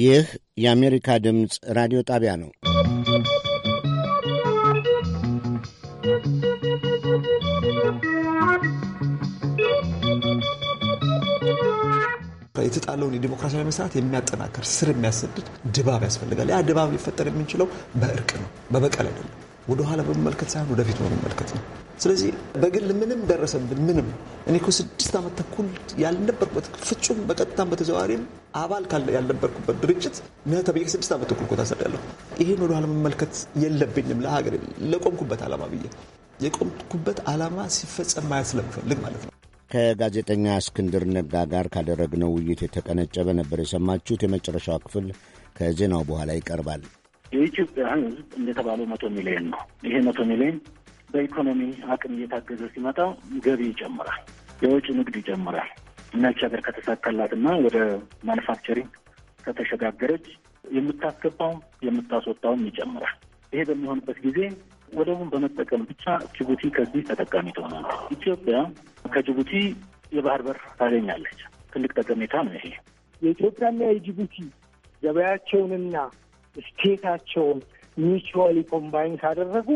ይህ የአሜሪካ ድምፅ ራዲዮ ጣቢያ ነው። የተጣለውን የዲሞክራሲያዊ መስራት የሚያጠናክር ስር የሚያሰድድ ድባብ ያስፈልጋል። ያ ድባብ ሊፈጠር የምንችለው በእርቅ ነው፣ በበቀል አይደለም። ወደኋላ በመመልከት ሳይሆን ወደፊት በመመልከት ነው። ስለዚህ በግል ምንም ደረሰብን ምንም እኔ እኮ ስድስት ዓመት ተኩል ያልነበርኩበት ፍጹም በቀጥታም በተዘዋዋሪም አባል ያልነበርኩበት ድርጅት ነህ ተብዬ ስድስት ዓመት ተኩል እኮ ታሰሪያለሁ። ይህን ኋላ መመልከት የለብኝም ለሀገር ለቆምኩበት ዓላማ ብዬ የቆምኩበት ዓላማ ሲፈጸም ማየት ስለምፈልግ ማለት ነው። ከጋዜጠኛ እስክንድር ነጋ ጋር ካደረግነው ውይይት የተቀነጨበ ነበር የሰማችሁት። የመጨረሻው ክፍል ከዜናው በኋላ ይቀርባል። የኢትዮጵያ ሕዝብ እንደተባለው መቶ ሚሊዮን ነው። ይሄ መቶ ሚሊዮን በኢኮኖሚ አቅም እየታገዘ ሲመጣ ገቢ ይጨምራል፣ የውጭ ንግድ ይጨምራል እና ሀገር ሀገር እና ወደ ማኑፋክቸሪንግ ከተሸጋገረች የምታስገባው የምታስወጣውም ይጨምራል። ይሄ በሚሆንበት ጊዜ ወደቡን በመጠቀም ብቻ ጅቡቲ ከዚህ ተጠቃሚ ትሆናለች። ኢትዮጵያ ከጅቡቲ የባህር በር ታገኛለች። ትልቅ ጠቀሜታ ነው ይሄ። የኢትዮጵያና የጅቡቲ ገበያቸውንና ስቴታቸውን ሚቹዋሊ ኮምባይን ካደረጉ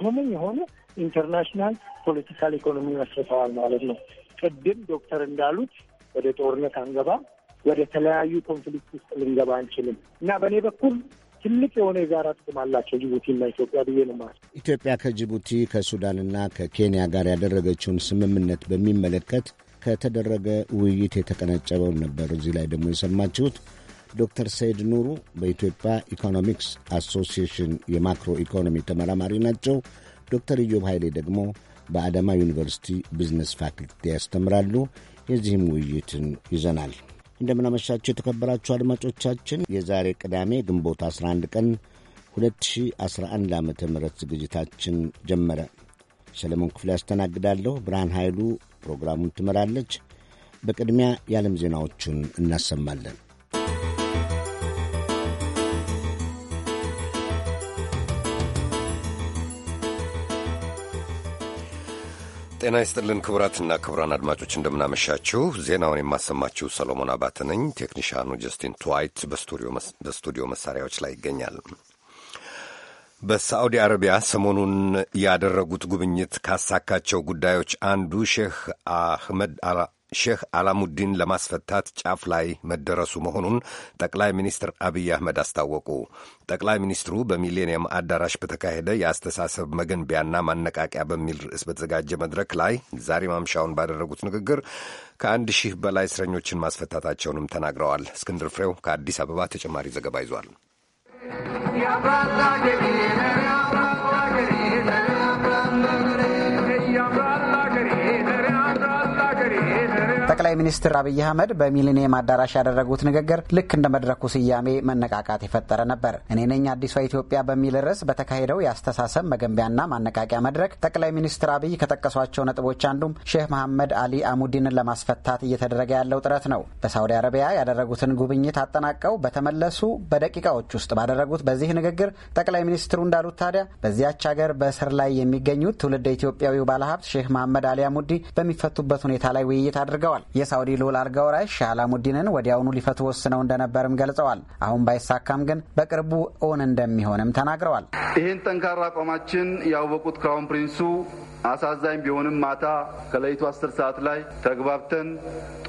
ኮመን የሆነ ኢንተርናሽናል ፖለቲካል ኢኮኖሚ መስርተዋል ማለት ነው። ቅድም ዶክተር እንዳሉት ወደ ጦርነት አንገባም፣ ወደ ተለያዩ ኮንፍሊክት ውስጥ ልንገባ አንችልም እና በእኔ በኩል ትልቅ የሆነ የጋራ ጥቅም አላቸው ጅቡቲና ኢትዮጵያ ብዬ ነው ማለት። ኢትዮጵያ ከጅቡቲ ከሱዳንና ከኬንያ ጋር ያደረገችውን ስምምነት በሚመለከት ከተደረገ ውይይት የተቀነጨበውን ነበር እዚህ ላይ ደግሞ የሰማችሁት። ዶክተር ሰይድ ኑሩ በኢትዮጵያ ኢኮኖሚክስ አሶሲሽን የማክሮ ኢኮኖሚ ተመራማሪ ናቸው። ዶክተር ኢዮብ ኃይሌ ደግሞ በአዳማ ዩኒቨርሲቲ ቢዝነስ ፋክልቲ ያስተምራሉ። የዚህም ውይይትን ይዘናል። እንደምናመሻቸው የተከበራችሁ አድማጮቻችን የዛሬ ቅዳሜ ግንቦት 11 ቀን 2011 ዓ ም ዝግጅታችን ጀመረ። ሰለሞን ክፍል ያስተናግዳለሁ። ብርሃን ኃይሉ ፕሮግራሙን ትመራለች። በቅድሚያ የዓለም ዜናዎቹን እናሰማለን። ጤና ይስጥልን ክቡራትና ክቡራን አድማጮች እንደምናመሻችሁ። ዜናውን የማሰማችሁ ሰሎሞን አባተ ነኝ። ቴክኒሻኑ ጀስቲን ትዋይት በስቱዲዮ መሳሪያዎች ላይ ይገኛል። በሳዑዲ አረቢያ ሰሞኑን ያደረጉት ጉብኝት ካሳካቸው ጉዳዮች አንዱ ሼህ አህመድ ሼህ አላሙዲን ለማስፈታት ጫፍ ላይ መደረሱ መሆኑን ጠቅላይ ሚኒስትር አብይ አህመድ አስታወቁ። ጠቅላይ ሚኒስትሩ በሚሌኒየም አዳራሽ በተካሄደ የአስተሳሰብ መገንቢያና ማነቃቂያ በሚል ርዕስ በተዘጋጀ መድረክ ላይ ዛሬ ማምሻውን ባደረጉት ንግግር ከአንድ ሺህ በላይ እስረኞችን ማስፈታታቸውንም ተናግረዋል። እስክንድር ፍሬው ከአዲስ አበባ ተጨማሪ ዘገባ ይዟል። ጠቅላይ ሚኒስትር አብይ አህመድ በሚሊኒየም አዳራሽ ያደረጉት ንግግር ልክ እንደ መድረኩ ስያሜ መነቃቃት የፈጠረ ነበር። እኔ ነኝ አዲሷ ኢትዮጵያ በሚል ርዕስ በተካሄደው የአስተሳሰብ መገንቢያና ማነቃቂያ መድረክ ጠቅላይ ሚኒስትር አብይ ከጠቀሷቸው ነጥቦች አንዱም ሼህ መሐመድ አሊ አሙዲንን ለማስፈታት እየተደረገ ያለው ጥረት ነው። በሳውዲ አረቢያ ያደረጉትን ጉብኝት አጠናቀው በተመለሱ በደቂቃዎች ውስጥ ባደረጉት በዚህ ንግግር ጠቅላይ ሚኒስትሩ እንዳሉት ታዲያ በዚያች ሀገር በእስር ላይ የሚገኙት ትውልደ ኢትዮጵያዊው ባለሀብት ሼህ መሐመድ አሊ አሙዲ በሚፈቱበት ሁኔታ ላይ ውይይት አድርገዋል። የሳውዲ ልዑል አልጋ ወራሽ ሻህ አላሙዲንን ወዲያውኑ ሊፈቱ ወስነው እንደነበርም ገልጸዋል። አሁን ባይሳካም ግን በቅርቡ እውን እንደሚሆንም ተናግረዋል። ይህን ጠንካራ አቋማችን ያወቁት ክራውን ፕሪንሱ አሳዛኝ ቢሆንም ማታ ከሌሊቱ አስር ሰዓት ላይ ተግባብተን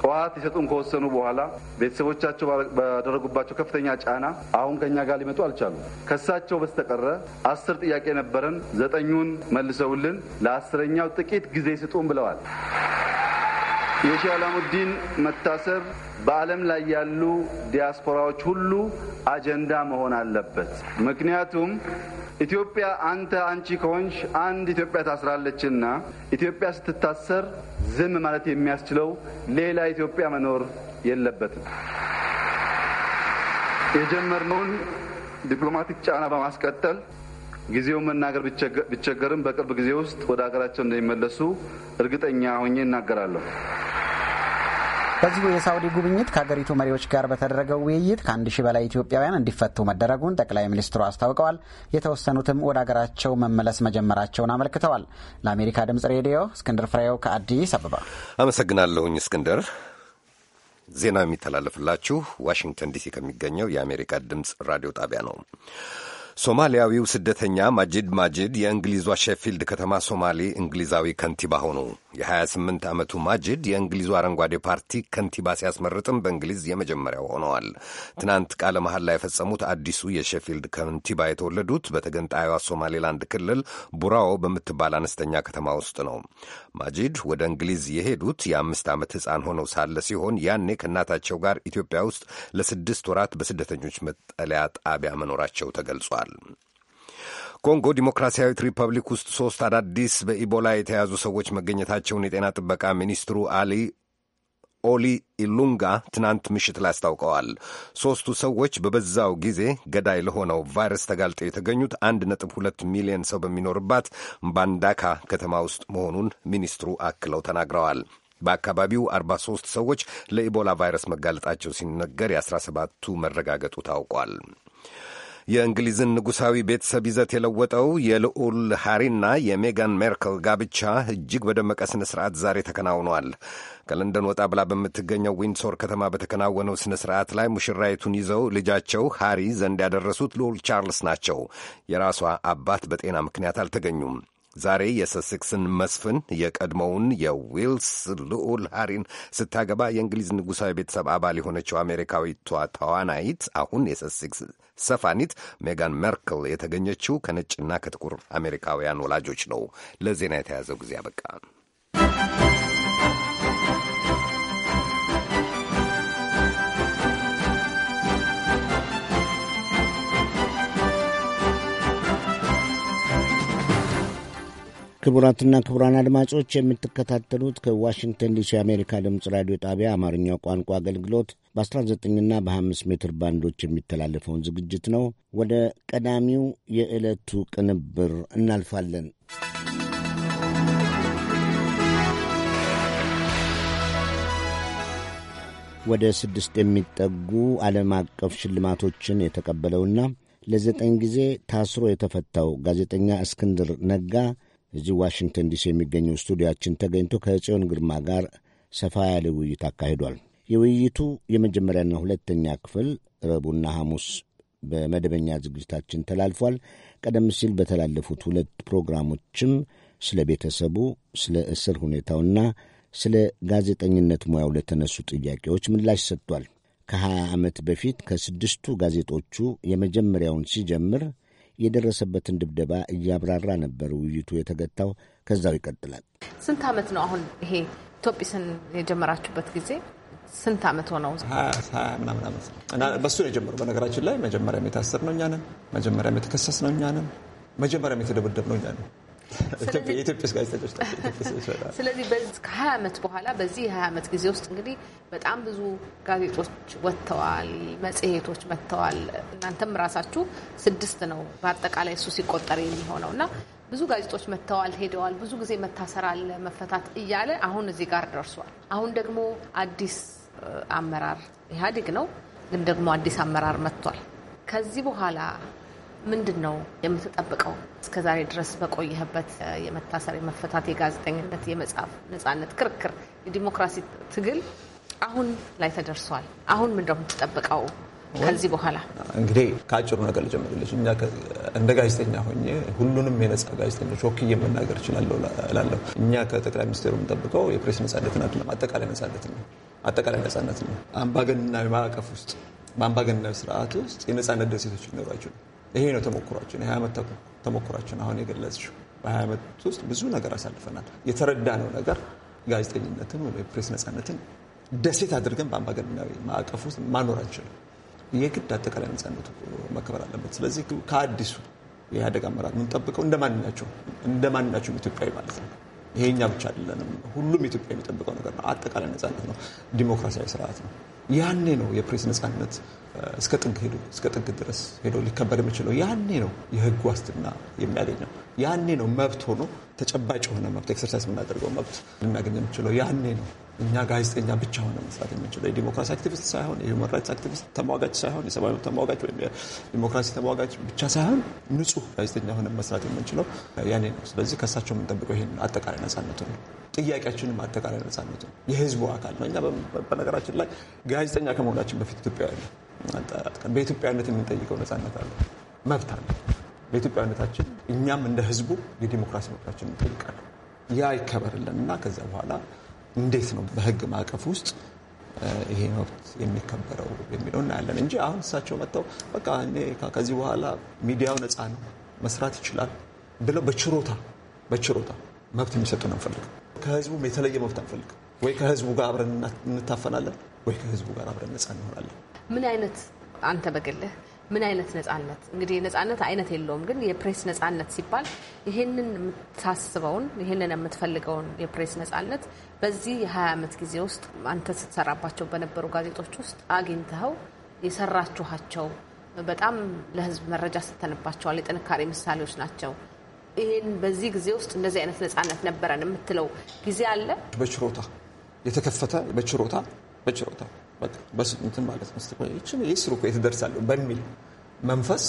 ጠዋት የሰጡን ከወሰኑ በኋላ ቤተሰቦቻቸው ባደረጉባቸው ከፍተኛ ጫና አሁን ከኛ ጋር ሊመጡ አልቻሉ። ከሳቸው በስተቀረ አስር ጥያቄ ነበረን። ዘጠኙን መልሰውልን ለአስረኛው ጥቂት ጊዜ ስጡን ብለዋል። የሼህ አላሙዲን መታሰር በዓለም ላይ ያሉ ዲያስፖራዎች ሁሉ አጀንዳ መሆን አለበት። ምክንያቱም ኢትዮጵያ አንተ አንቺ ከሆንሽ አንድ ኢትዮጵያ ታስራለችና ኢትዮጵያ ስትታሰር ዝም ማለት የሚያስችለው ሌላ ኢትዮጵያ መኖር የለበትም። የጀመርነውን ዲፕሎማቲክ ጫና በማስቀጠል ጊዜውን መናገር ቢቸገርም በቅርብ ጊዜ ውስጥ ወደ ሀገራቸው እንደሚመለሱ እርግጠኛ ሆኜ እናገራለሁ። በዚሁ የሳውዲ ጉብኝት ከሀገሪቱ መሪዎች ጋር በተደረገው ውይይት ከአንድ ሺህ በላይ ኢትዮጵያውያን እንዲፈቱ መደረጉን ጠቅላይ ሚኒስትሩ አስታውቀዋል። የተወሰኑትም ወደ ሀገራቸው መመለስ መጀመራቸውን አመልክተዋል። ለአሜሪካ ድምጽ ሬዲዮ እስክንድር ፍሬው ከአዲስ አበባ አመሰግናለሁኝ። እስክንድር፣ ዜና የሚተላለፍላችሁ ዋሽንግተን ዲሲ ከሚገኘው የአሜሪካ ድምፅ ራዲዮ ጣቢያ ነው። ሶማሊያዊው ስደተኛ ማጂድ ማጂድ የእንግሊዟ ሼፊልድ ከተማ ሶማሌ እንግሊዛዊ ከንቲባ ሆኑ። የ28 ዓመቱ ማጅድ የእንግሊዙ አረንጓዴ ፓርቲ ከንቲባ ሲያስመርጥም በእንግሊዝ የመጀመሪያው ሆነዋል። ትናንት ቃለ መሐላ የፈጸሙት አዲሱ የሼፊልድ ከንቲባ የተወለዱት በተገንጣዩዋ ሶማሌላንድ ክልል ቡራኦ በምትባል አነስተኛ ከተማ ውስጥ ነው። ማጂድ ወደ እንግሊዝ የሄዱት የአምስት ዓመት ሕፃን ሆነው ሳለ ሲሆን ያኔ ከእናታቸው ጋር ኢትዮጵያ ውስጥ ለስድስት ወራት በስደተኞች መጠለያ ጣቢያ መኖራቸው ተገልጿል። ኮንጎ ዲሞክራሲያዊት ሪፐብሊክ ውስጥ ሶስት አዳዲስ በኢቦላ የተያዙ ሰዎች መገኘታቸውን የጤና ጥበቃ ሚኒስትሩ አሊ ኦሊ ኢሉንጋ ትናንት ምሽት ላይ አስታውቀዋል። ሦስቱ ሰዎች በበዛው ጊዜ ገዳይ ለሆነው ቫይረስ ተጋልጠው የተገኙት አንድ ነጥብ ሁለት ሚሊዮን ሰው በሚኖርባት ባንዳካ ከተማ ውስጥ መሆኑን ሚኒስትሩ አክለው ተናግረዋል። በአካባቢው 43 ሰዎች ለኢቦላ ቫይረስ መጋለጣቸው ሲነገር የ17ቱ መረጋገጡ ታውቋል። የእንግሊዝን ንጉሣዊ ቤተሰብ ይዘት የለወጠው የልዑል ሃሪና የሜጋን ሜርክል ጋብቻ እጅግ በደመቀ ሥነ ሥርዓት ዛሬ ተከናውኗል። ከለንደን ወጣ ብላ በምትገኘው ዊንሶር ከተማ በተከናወነው ሥነ ሥርዓት ላይ ሙሽራይቱን ይዘው ልጃቸው ሃሪ ዘንድ ያደረሱት ልዑል ቻርልስ ናቸው። የራሷ አባት በጤና ምክንያት አልተገኙም። ዛሬ የሰሴክስን መስፍን የቀድሞውን የዊልስ ልዑል ሃሪን ስታገባ የእንግሊዝ ንጉሣዊ ቤተሰብ አባል የሆነችው አሜሪካዊቷ ተዋናይት አሁን የሰሴክስ ሰፋኒት ሜጋን ሜርክል የተገኘችው ከነጭና ከጥቁር አሜሪካውያን ወላጆች ነው። ለዜና የተያዘው ጊዜ አበቃ። ክቡራትና ክቡራን አድማጮች የምትከታተሉት ከዋሽንግተን ዲሲ የአሜሪካ ድምፅ ራዲዮ ጣቢያ አማርኛው ቋንቋ አገልግሎት በ19ና በ5 ሜትር ባንዶች የሚተላለፈውን ዝግጅት ነው። ወደ ቀዳሚው የዕለቱ ቅንብር እናልፋለን። ወደ ስድስት የሚጠጉ ዓለም አቀፍ ሽልማቶችን የተቀበለውና ለዘጠኝ ጊዜ ታስሮ የተፈታው ጋዜጠኛ እስክንድር ነጋ እዚህ ዋሽንግተን ዲሲ የሚገኘው ስቱዲያችን ተገኝቶ ከጽዮን ግርማ ጋር ሰፋ ያለ ውይይት አካሂዷል። የውይይቱ የመጀመሪያና ሁለተኛ ክፍል ረቡና ሐሙስ በመደበኛ ዝግጅታችን ተላልፏል። ቀደም ሲል በተላለፉት ሁለት ፕሮግራሞችም ስለ ቤተሰቡ፣ ስለ እስር ሁኔታውና ስለ ጋዜጠኝነት ሙያው ለተነሱ ጥያቄዎች ምላሽ ሰጥቷል። ከሀያ ዓመት በፊት ከስድስቱ ጋዜጦቹ የመጀመሪያውን ሲጀምር የደረሰበትን ድብደባ እያብራራ ነበር። ውይይቱ የተገታው ከዛው ይቀጥላል። ስንት ዓመት ነው አሁን ይሄ ኢትዮጵስን የጀመራችሁበት ጊዜ? ስንት አመት ሆነው? ምናምን እና በሱ ነው የጀመሩ። በነገራችን ላይ መጀመሪያም የታሰር ነው እኛንን፣ መጀመሪያም የተከሰስ ነው እኛንን፣ መጀመሪያም የተደበደብ ነው እኛንን። የኢትዮጵያ ጋዜጠኞች። ስለዚህ ዓመት በኋላ በዚህ የ20 ዓመት ጊዜ ውስጥ እንግዲህ በጣም ብዙ ጋዜጦች ወጥተዋል፣ መጽሔቶች መጥተዋል። እናንተም ራሳችሁ ስድስት ነው በአጠቃላይ እሱ ሲቆጠር የሚሆነው እና ብዙ ጋዜጦች መጥተዋል፣ ሄደዋል። ብዙ ጊዜ መታሰር አለ፣ መፈታት እያለ አሁን እዚህ ጋር ደርሷል። አሁን ደግሞ አዲስ አመራር ኢህአዴግ ነው፣ ግን ደግሞ አዲስ አመራር መጥቷል። ከዚህ በኋላ ምንድን ነው የምትጠብቀው? ዛሬ ድረስ በቆየህበት የመታሰር የመፈታት፣ የጋዜጠኝነት፣ የመጻፍ ነጻነት ክርክር፣ የዲሞክራሲ ትግል አሁን ላይ ተደርሷል። አሁን ነው የምትጠብቀው? ከዚህ በኋላ እንግዲህ ከአጭሩ ነገር ልጀምርልሽ። እኛ እንደ ጋዜጠኛ ሆኜ ሁሉንም የነጻ ጋዜጠኞች ወክዬ መናገር እችላለሁ እላለሁ። እኛ ከጠቅላይ ሚኒስትሩ የምንጠብቀው የፕሬስ ነጻነትን አይደለም፣ አጠቃላይ ነጻነት ነው። አጠቃላይ ነጻነት ነው። አምባገነናዊ ማዕቀፍ ውስጥ በአምባገነናዊ ስርዓት ውስጥ የነጻነት ደሴቶች ሊኖራቸው ይሄ ነው ተሞክሯችን። የሀያ ዓመት ተሞክሯችን አሁን የገለጽሽው በሀያ ዓመት ውስጥ ብዙ ነገር አሳልፈናል። የተረዳነው ነገር ጋዜጠኝነትን ወይ ፕሬስ ነጻነትን ደሴት አድርገን በአምባገነናዊ ማዕቀፍ ውስጥ ማኖር አንችልም። የግድ አጠቃላይ ነጻነቱ መከበር አለበት። ስለዚህ ከአዲሱ የአደጋ አመራር የምንጠብቀው እንደማንኛቸው እንደማንኛቸውም ኢትዮጵያዊ ማለት ነው ይሄኛ ብቻ አይደለንም። ሁሉም ኢትዮጵያ የሚጠብቀው ነገር ነው። አጠቃላይ ነጻነት ነው፣ ዲሞክራሲያዊ ስርዓት ነው። ያኔ ነው የፕሬስ ነጻነት እስከ ጥግ ሄዶ እስከ ጥግ ድረስ ሄዶ ሊከበር የሚችለው ያኔ ነው። የህግ ዋስትና የሚያገኘው ያኔ ነው። መብት ሆኖ ተጨባጭ የሆነ መብት ኤክሰርሳይዝ የምናደርገው መብት ልናገኝ የምችለው ያኔ ነው። እኛ ጋዜጠኛ ብቻ ሆነ መስራት የምንችለው የዲሞክራሲ አክቲቪስት ሳይሆን የሁማን ራይትስ አክቲቪስት ተሟጋች ሳይሆን የሰብአዊ መብት ተሟጋች ወይም የዲሞክራሲ ተሟጋች ብቻ ሳይሆን ንጹህ ጋዜጠኛ ሆነ መስራት የምንችለው ያኔ ነው። ስለዚህ ከእሳቸው የምንጠብቀው ይህን አጠቃላይ ነጻነቱ ነው። ጥያቄያችንም አጠቃላይ ነጻነቱ ነው። የህዝቡ አካል ነው። እኛ በነገራችን ላይ ጋዜጠኛ ከመሆናችን በፊት ኢትዮጵያውያን በኢትዮጵያነት የምንጠይቀው ነጻነት አለ፣ መብት አለ በኢትዮጵያዊነታችን እኛም እንደ ህዝቡ የዲሞክራሲ መብታችን እንጠይቃለን። ያ ይከበርልን እና ከዚያ በኋላ እንዴት ነው በህግ ማዕቀፍ ውስጥ ይሄ መብት የሚከበረው የሚለው እናያለን እንጂ አሁን እሳቸው መጥተው በቃ እኔ ከዚህ በኋላ ሚዲያው ነፃ ነው መስራት ይችላል ብለው በችሮታ በችሮታ መብት የሚሰጡን አንፈልግም። ከህዝቡም የተለየ መብት አንፈልግም። ወይ ከህዝቡ ጋር አብረን እንታፈናለን፣ ወይ ከህዝቡ ጋር አብረን ነፃ እንሆናለን። ምን አይነት አንተ በግልህ ምን አይነት ነጻነት? እንግዲህ ነጻነት አይነት የለውም፣ ግን የፕሬስ ነጻነት ሲባል ይህንን የምታስበውን ይህንን የምትፈልገውን የፕሬስ ነጻነት በዚህ የ20 ዓመት ጊዜ ውስጥ አንተ ስትሰራባቸው በነበሩ ጋዜጦች ውስጥ አግኝተኸው የሰራችኋቸው በጣም ለህዝብ መረጃ ሰተንባቸዋል። የጥንካሬ ምሳሌዎች ናቸው። ይህን በዚህ ጊዜ ውስጥ እንደዚህ አይነት ነጻነት ነበረን የምትለው ጊዜ አለ? በችሮታ የተከፈተ በችሮታ በችሮታ በስንትን ማለት ነው የስሩ የት ደርሳለሁ በሚል መንፈስ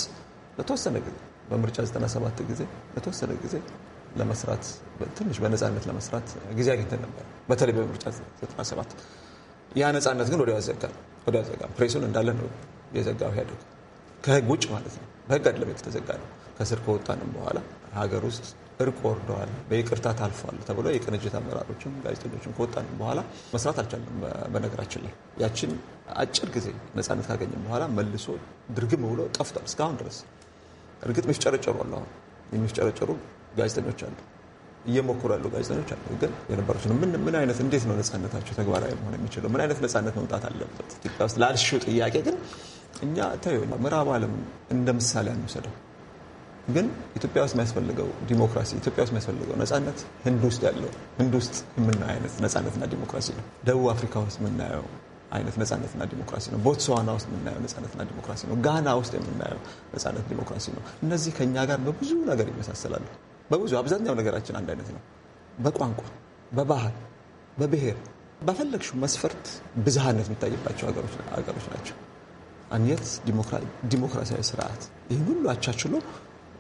ለተወሰነ ጊዜ በምርጫ 97 ጊዜ ለተወሰነ ጊዜ ለመስራት ትንሽ በነፃነት ለመስራት ጊዜ አግኝተን ነበር። በተለይ በምርጫ 97 ያ ነፃነት ግን ወዲያው ወዲያው ፕሬሱን እንዳለ ነው የዘጋው ከህግ ውጭ ማለት ነው። በህግ አይደለም የተዘጋ ነው። ከስር ከወጣንም በኋላ ሀገር ውስጥ እርቅ ወርደዋል፣ በይቅርታ ታልፏል ተብሎ የቅንጅት አመራሮችም ጋዜጠኞችም ከወጣን በኋላ መስራት አልቻለም። በነገራችን ላይ ያችን አጭር ጊዜ ነፃነት ካገኘም በኋላ መልሶ ድርግም ብሎ ጠፍቷል። እስካሁን ድረስ እርግጥ የሚፍጨረጨሩ አሉ፣ አሁን የሚፍጨረጨሩ ጋዜጠኞች አሉ፣ እየሞክሩ ያሉ ጋዜጠኞች አሉ። ግን የነበሩት ምን ምን አይነት እንዴት ነው ነፃነታቸው ተግባራዊ መሆን የሚችለው? ምን አይነት ነፃነት መምጣት አለበት ኢትዮጵያ ውስጥ ላልሽው ጥያቄ ግን እኛ ተዩ ምዕራብ ዓለም እንደ ምሳሌ አንውሰደው ግን ኢትዮጵያ ውስጥ የሚያስፈልገው ዲሞክራሲ፣ ኢትዮጵያ ውስጥ የሚያስፈልገው ነጻነት ህንድ ውስጥ ያለው ህንድ ውስጥ የምናየው አይነት ነጻነትና ዲሞክራሲ ነው። ደቡብ አፍሪካ ውስጥ የምናየው አይነት ነጻነትና ዲሞክራሲ ነው። ቦትስዋና ውስጥ የምናየው ነጻነትና ዲሞክራሲ ነው። ጋና ውስጥ የምናየው ነጻነት ዲሞክራሲ ነው። እነዚህ ከኛ ጋር በብዙ ነገር ይመሳሰላሉ። በብዙ አብዛኛው ነገራችን አንድ አይነት ነው። በቋንቋ፣ በባህል፣ በብሔር በፈለግሽው መስፈርት ብዝሃነት የሚታይባቸው ሀገሮች ናቸው። አንየት ዲሞክራሲያዊ ስርዓት ይህ ሁሉ አቻችሎ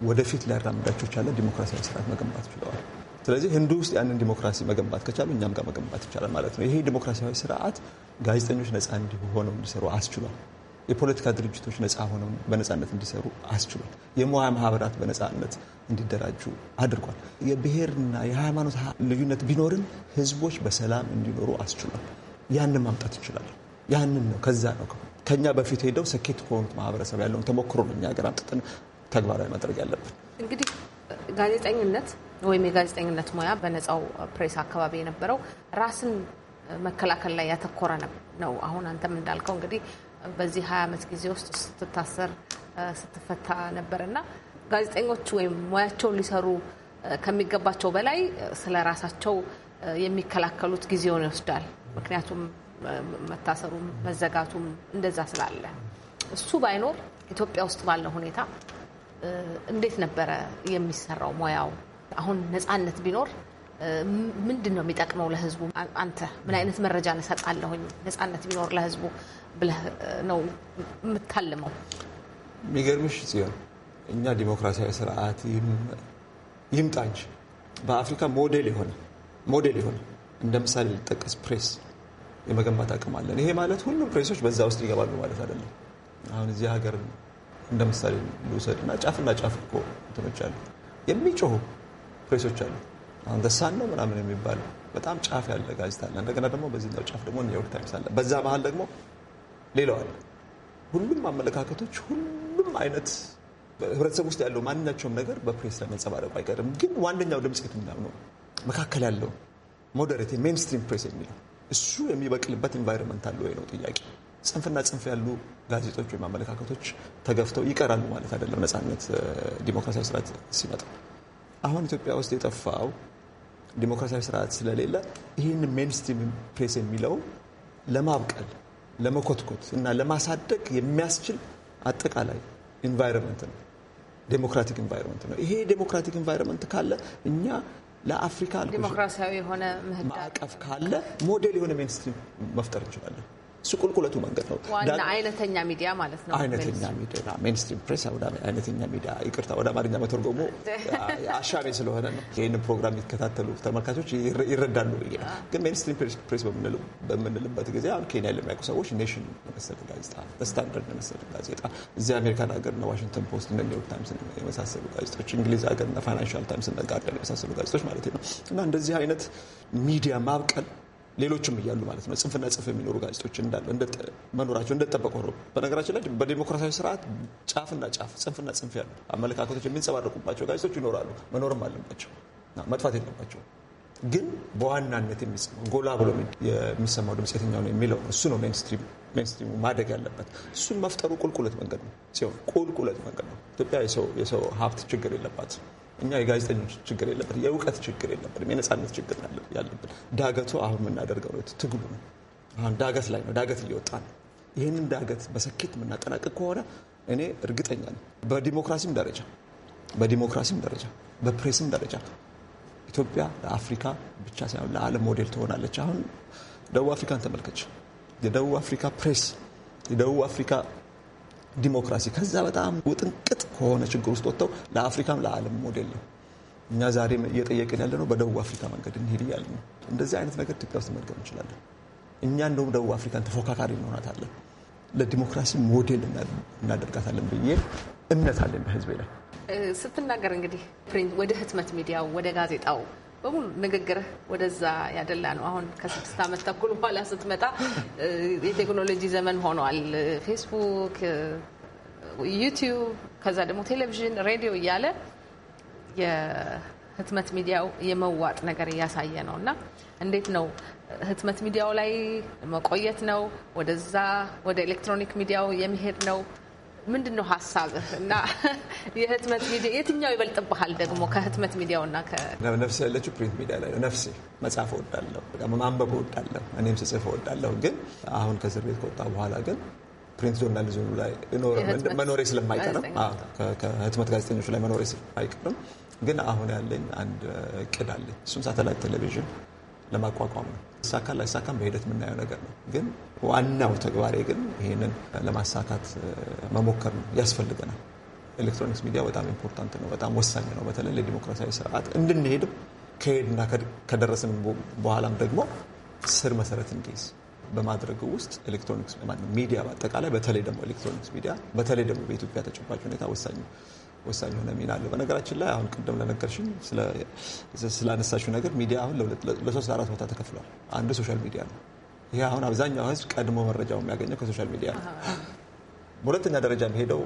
ወደፊት ሊያራምዳቸው የቻለ ዲሞክራሲያዊ ስርዓት መገንባት ችለዋል። ስለዚህ ህንዱ ውስጥ ያንን ዲሞክራሲ መገንባት ከቻሉ እኛም ጋር መገንባት ይቻላል ማለት ነው። ይሄ ዲሞክራሲያዊ ስርዓት ጋዜጠኞች ነፃ እንዲሆነው እንዲሰሩ አስችሏል። የፖለቲካ ድርጅቶች ነፃ ሆነው በነፃነት እንዲሰሩ አስችሏል። የሙያ ማህበራት በነፃነት እንዲደራጁ አድርጓል። የብሔርና የሃይማኖት ልዩነት ቢኖርም ህዝቦች በሰላም እንዲኖሩ አስችሏል። ያንን ማምጣት እንችላለን። ያንን ነው ከዛ ነው ከኛ በፊት ሄደው ስኬት ከሆኑት ማህበረሰብ ያለውን ተሞክሮ ነው እኛ ሀገር አምጥተን ተግባራዊ ማድረግ ያለብን። እንግዲህ ጋዜጠኝነት ወይም የጋዜጠኝነት ሙያ በነፃው ፕሬስ አካባቢ የነበረው ራስን መከላከል ላይ ያተኮረ ነው። አሁን አንተም እንዳልከው እንግዲህ በዚህ ሀያ ዓመት ጊዜ ውስጥ ስትታሰር ስትፈታ ነበር እና ጋዜጠኞች ወይም ሙያቸውን ሊሰሩ ከሚገባቸው በላይ ስለ ራሳቸው የሚከላከሉት ጊዜውን ይወስዳል። ምክንያቱም መታሰሩም መዘጋቱም እንደዛ ስላለ እሱ ባይኖር ኢትዮጵያ ውስጥ ባለው ሁኔታ እንዴት ነበረ የሚሰራው ሙያው? አሁን ነፃነት ቢኖር ምንድን ነው የሚጠቅመው ለህዝቡ? አንተ ምን አይነት መረጃ እሰጣለሁኝ ነፃነት ቢኖር ለህዝቡ ብለህ ነው የምታልመው? የሚገርምሽ ጽዮን፣ እኛ ዲሞክራሲያዊ ስርዓት ይምጣ እንጂ በአፍሪካ ሞዴል የሆነ ሞዴል የሆነ እንደ ምሳሌ ሊጠቀስ ፕሬስ የመገንባት አቅም አለን። ይሄ ማለት ሁሉም ፕሬሶች በዛ ውስጥ ይገባሉ ማለት አይደለም። አሁን እዚህ ሀገር እንደ ምሳሌ ልውሰድ እና ጫፍና ጫፍ እኮ እንትኖች አሉ፣ የሚጮሁ ፕሬሶች አሉ። አሁን ነው ምናምን የሚባል በጣም ጫፍ ያለ ጋዜጣ አለ። እንደገና ደግሞ በዚህኛው ጫፍ ደግሞ ኒውዮርክ ታይምስ አለ። በዛ መሀል ደግሞ ሌላው አለ። ሁሉም አመለካከቶች፣ ሁሉም አይነት ህብረተሰብ ውስጥ ያለው ማንኛቸውም ነገር በፕሬስ ላይ መንጸባረቁ አይቀርም። ግን ዋነኛው ድምፅ የትኛው ነው? መካከል ያለው ሞዴሬት ሜንስትሪም ፕሬስ የሚለው እሱ የሚበቅልበት ኢንቫይሮንመንት አለ ወይ ነው ጥያቄ። ጽንፍና ጽንፍ ያሉ ጋዜጦች ወይም አመለካከቶች ተገፍተው ይቀራሉ ማለት አይደለም። ነጻነት፣ ዲሞክራሲያዊ ስርዓት ሲመጣ አሁን ኢትዮጵያ ውስጥ የጠፋው ዲሞክራሲያዊ ስርዓት ስለሌለ ይህን ሜንስትሪም ፕሬስ የሚለው ለማብቀል ለመኮትኮት እና ለማሳደግ የሚያስችል አጠቃላይ ኢንቫይሮንመንት ነው። ዴሞክራቲክ ኢንቫይሮንመንት ነው። ይሄ ዴሞክራቲክ ኢንቫይሮንመንት ካለ እኛ ለአፍሪካ ዲሞክራሲያዊ የሆነ ማዕቀፍ ካለ ሞዴል የሆነ ሜንስትሪም መፍጠር እንችላለን። ስቁልቁለቱ መንገድ ነው። አይነተኛ ሚዲያ ማለት ነው። አይነተኛ ሚዲያ ሜንስትሪም ፕሬስ አይነተኛ ሚዲያ ይቅርታ፣ ወደ አማርኛ መተርጎሙ አሻሚ ስለሆነ ነው። ይህን ፕሮግራም የሚከታተሉ ተመልካቾች ይረዳሉ ብዬ ነው። ግን ሜንስትሪም ፕሬስ በምንልበት ጊዜ አሁን ኬንያ ለሚያውቁ ሰዎች ኔሽን የመሰለ ጋዜጣ፣ ስታንዳርድ የመሰለ ጋዜጣ እዚህ አሜሪካን ሀገር እና ዋሽንግተን ፖስት እና ኒውዮርክ ታይምስ የመሳሰሉ ጋዜጦች፣ እንግሊዝ ሀገር እና ፋይናንሻል ታይምስ እና ጋርደን የመሳሰሉ ጋዜጦች ማለት ነው እና እንደዚህ አይነት ሚዲያ ማብቀል ሌሎችም እያሉ ማለት ነው። ጽንፍና ጽንፍ የሚኖሩ ጋዜጦች እንዳለ መኖራቸው እንደጠበቀ ነው። በነገራችን ላይ በዲሞክራሲያዊ ስርዓት ጫፍና ጫፍ ጽንፍና ጽንፍ ያሉ አመለካከቶች የሚንጸባረቁባቸው ጋዜጦች ይኖራሉ፣ መኖርም አለባቸው፣ መጥፋት የለባቸው። ግን በዋናነት ጎላ ብሎ የሚሰማው ድምጽ የትኛው ነው የሚለው እሱ ነው ሜንስትሪሙ ማደግ ያለበት። እሱን መፍጠሩ ቁልቁለት መንገድ ነው ሲሆን ቁልቁለት መንገድ ነው። ኢትዮጵያ የሰው ሀብት ችግር የለባት እኛ የጋዜጠኞች ችግር የለብን፣ የእውቀት ችግር የለብንም፣ የነፃነት ችግር ያለብን። ዳገቱ አሁን የምናደርገው ነው፣ ትግሉ ነው። አሁን ዳገት ላይ ነው፣ ዳገት እየወጣ ነው። ይህንን ዳገት በስኬት የምናጠናቅቅ ከሆነ እኔ እርግጠኛ ነኝ በዲሞክራሲም ደረጃ በዲሞክራሲም ደረጃ በፕሬስም ደረጃ ኢትዮጵያ ለአፍሪካ ብቻ ሳይሆን ለዓለም ሞዴል ትሆናለች። አሁን ደቡብ አፍሪካን ተመልከች። የደቡብ አፍሪካ ፕሬስ፣ የደቡብ አፍሪካ ዲሞክራሲ ከዛ በጣም ውጥንቅጥ ከሆነ ችግር ውስጥ ወጥተው ለአፍሪካም ለዓለም ሞዴል ነው። እኛ ዛሬም እየጠየቅን ያለ ነው፣ በደቡብ አፍሪካ መንገድ እንሄድ እያለ ነው። እንደዚህ አይነት ነገር ኢትዮጵያ ውስጥ መድገም እንችላለን። እኛ እንደውም ደቡብ አፍሪካን ተፎካካሪ እንሆናታለን፣ ለዲሞክራሲ ሞዴል እናደርጋታለን ብዬ እምነት አለን በህዝቤ ላይ ስትናገር እንግዲህ ወደ ህትመት ሚዲያው ወደ ጋዜጣው በሙሉ ንግግር ወደዛ ያደላ ነው። አሁን ከስድስት ዓመት ተኩል በኋላ ስትመጣ የቴክኖሎጂ ዘመን ሆኗል። ፌስቡክ፣ ዩቲዩብ፣ ከዛ ደግሞ ቴሌቪዥን፣ ሬዲዮ እያለ የህትመት ሚዲያው የመዋጥ ነገር እያሳየ ነው እና እንዴት ነው ህትመት ሚዲያው ላይ መቆየት ነው ወደዛ ወደ ኤሌክትሮኒክ ሚዲያው የሚሄድ ነው ምንድን ነው ሀሳብህ እና የህትመት ሚዲያ የትኛው ይበልጥብሃል? ደግሞ ከህትመት ሚዲያውና ነፍስ ያለችው ፕሪንት ሚዲያ ላይ ነው። ነፍሴ መጻፍ እወዳለሁ፣ ማንበብ እወዳለሁ፣ እኔም ስጽፍ እወዳለሁ። ግን አሁን ከእስር ቤት ከወጣ በኋላ ግን ፕሪንት ጆርናሊዝም ላይ መኖሬ ስለማይቀርም ከህትመት ጋዜጠኞች ላይ መኖሬ ስለማይቀርም ግን አሁን ያለኝ አንድ እቅድ አለኝ። እሱም ሳተላይት ቴሌቪዥን ለማቋቋም ነው። ሳካን ላይሳካም በሂደት የምናየው ነገር ነው ግን ዋናው ተግባሬ ግን ይህንን ለማሳካት መሞከር ነው ያስፈልገናል። ኤሌክትሮኒክስ ሚዲያ በጣም ኢምፖርታንት ነው፣ በጣም ወሳኝ ነው። በተለይ ለዲሞክራሲያዊ ስርዓት እንድንሄድም ከሄድና ከደረስን በኋላም ደግሞ ስር መሰረት እንዲይዝ በማድረግ ውስጥ ኤሌክትሮኒክስ ሚዲያ በአጠቃላይ በተለይ ደግሞ ኤሌክትሮኒክስ ሚዲያ በተለይ ደግሞ በኢትዮጵያ ተጨባጭ ሁኔታ ወሳኝ ወሳኝ የሆነ ሚና አለው። በነገራችን ላይ አሁን ቅድም ለነገርሽኝ ስላነሳሽው ነገር ሚዲያ አሁን ለሶስት አራት ቦታ ተከፍሏል። አንዱ ሶሻል ሚዲያ ነው። ይህ አሁን አብዛኛው ህዝብ ቀድሞ መረጃው የሚያገኘው ከሶሻል ሚዲያ ነው። በሁለተኛ ደረጃ የሚሄደው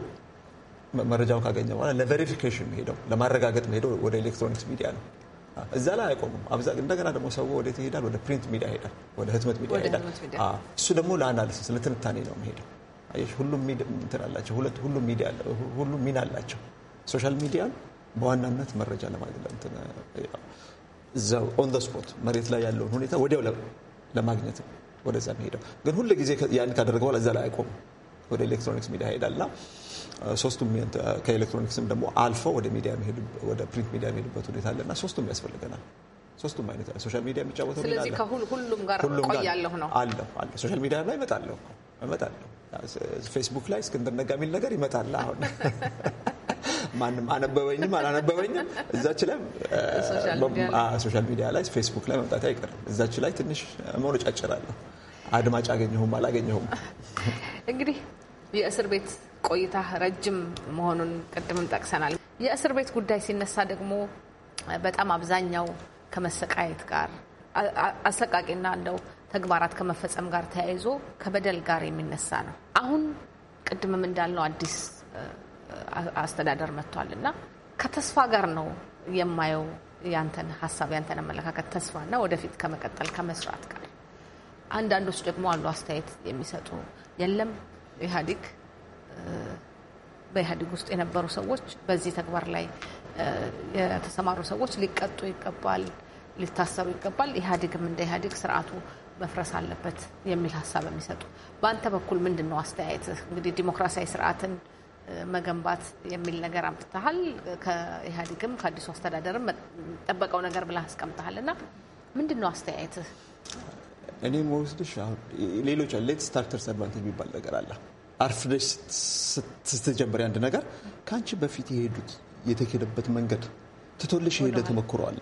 መረጃውን ካገኘ በኋላ ለቬሪፊኬሽን ሄደው ለማረጋገጥ ሄደው ወደ ኤሌክትሮኒክስ ሚዲያ ነው። እዛ ላይ አይቆምም። እንደገና ደግሞ ሰው ወዴት ይሄዳል? ወደ ፕሪንት ሚዲያ ይሄዳል፣ ወደ ህትመት ሚዲያ ይሄዳል። እሱ ደግሞ ለአናሊሲስ ለትንታኔ ነው የሚሄደው። ሁሉም እንትን አላቸው፣ ሁሉም ሚዲያ ሁሉም ሚና አላቸው። ሶሻል ሚዲያን በዋናነት መረጃ ለማግኘት እዛው ኦን ዘ ስፖት መሬት ላይ ያለውን ሁኔታ ወዲያው ለማግኘት ነው። ወደዛ የሚሄደው ግን ሁሉ ጊዜ ያን ካደረገ በኋላ እዛ ላይ አይቆም ወደ ኤሌክትሮኒክስ ሚዲያ ይሄዳልና ሶስቱም ከኤሌክትሮኒክስም ደግሞ አልፎ ወደ ሚዲያ ወደ ፕሪንት ሚዲያ የሚሄዱበት ሁኔታ አለና ሶስቱም ያስፈልገናል። ሶስቱም አይነት ሶሻል ሚዲያ የሚጫወተው ስለዚህ ከሁሉም ጋር ቆያለሁ ነው አለሁ አለሁ ሶሻል ሚዲያ ላይ እመጣለሁ እመጣለሁ ፌስቡክ ላይ እስክንድር ነጋ የሚል ነገር ይመጣል አሁን ማንም አነበበኝም አላነበበኝም እዛች ላይ ሶሻል ሚዲያ ላይ ፌስቡክ ላይ መምጣት አይቀርም። እዛች ላይ ትንሽ መሆንጫጭራለሁ። አድማጭ አገኘሁም አላገኘሁም። እንግዲህ የእስር ቤት ቆይታ ረጅም መሆኑን ቅድምም ጠቅሰናል። የእስር ቤት ጉዳይ ሲነሳ ደግሞ በጣም አብዛኛው ከመሰቃየት ጋር አሰቃቂና እንደው ተግባራት ከመፈጸም ጋር ተያይዞ ከበደል ጋር የሚነሳ ነው። አሁን ቅድምም እንዳልነው አዲስ አስተዳደር መጥቷል እና ከተስፋ ጋር ነው የማየው ያንተን ሀሳብ ያንተን አመለካከት ተስፋና ወደፊት ከመቀጠል ከመስራት ጋር። አንዳንዶች ደግሞ አሉ አስተያየት የሚሰጡ የለም ኢህአዴግ በኢህአዴግ ውስጥ የነበሩ ሰዎች በዚህ ተግባር ላይ የተሰማሩ ሰዎች ሊቀጡ ይገባል፣ ሊታሰሩ ይገባል፣ ኢህአዴግም እንደ ኢህአዴግ ስርዓቱ መፍረስ አለበት የሚል ሀሳብ የሚሰጡ በአንተ በኩል ምንድን ነው አስተያየትህ? እንግዲህ ዲሞክራሲያዊ ስርዓትን መገንባት የሚል ነገር አምጥተሃል። ከኢህአዴግም ከአዲሱ አስተዳደርም ጠበቀው ነገር ብለህ አስቀምጠሃል እና ምንድን ነው አስተያየትህ? እኔ መወስድሽ ሌሎች ሌት ስታርተርስ አድቫንቴጅ የሚባል ነገር አለ። አርፍደሽ ስትጀምር አንድ ነገር ከአንቺ በፊት የሄዱት የተሄደበት መንገድ ትቶልሽ የሄደ ተሞክሮ አለ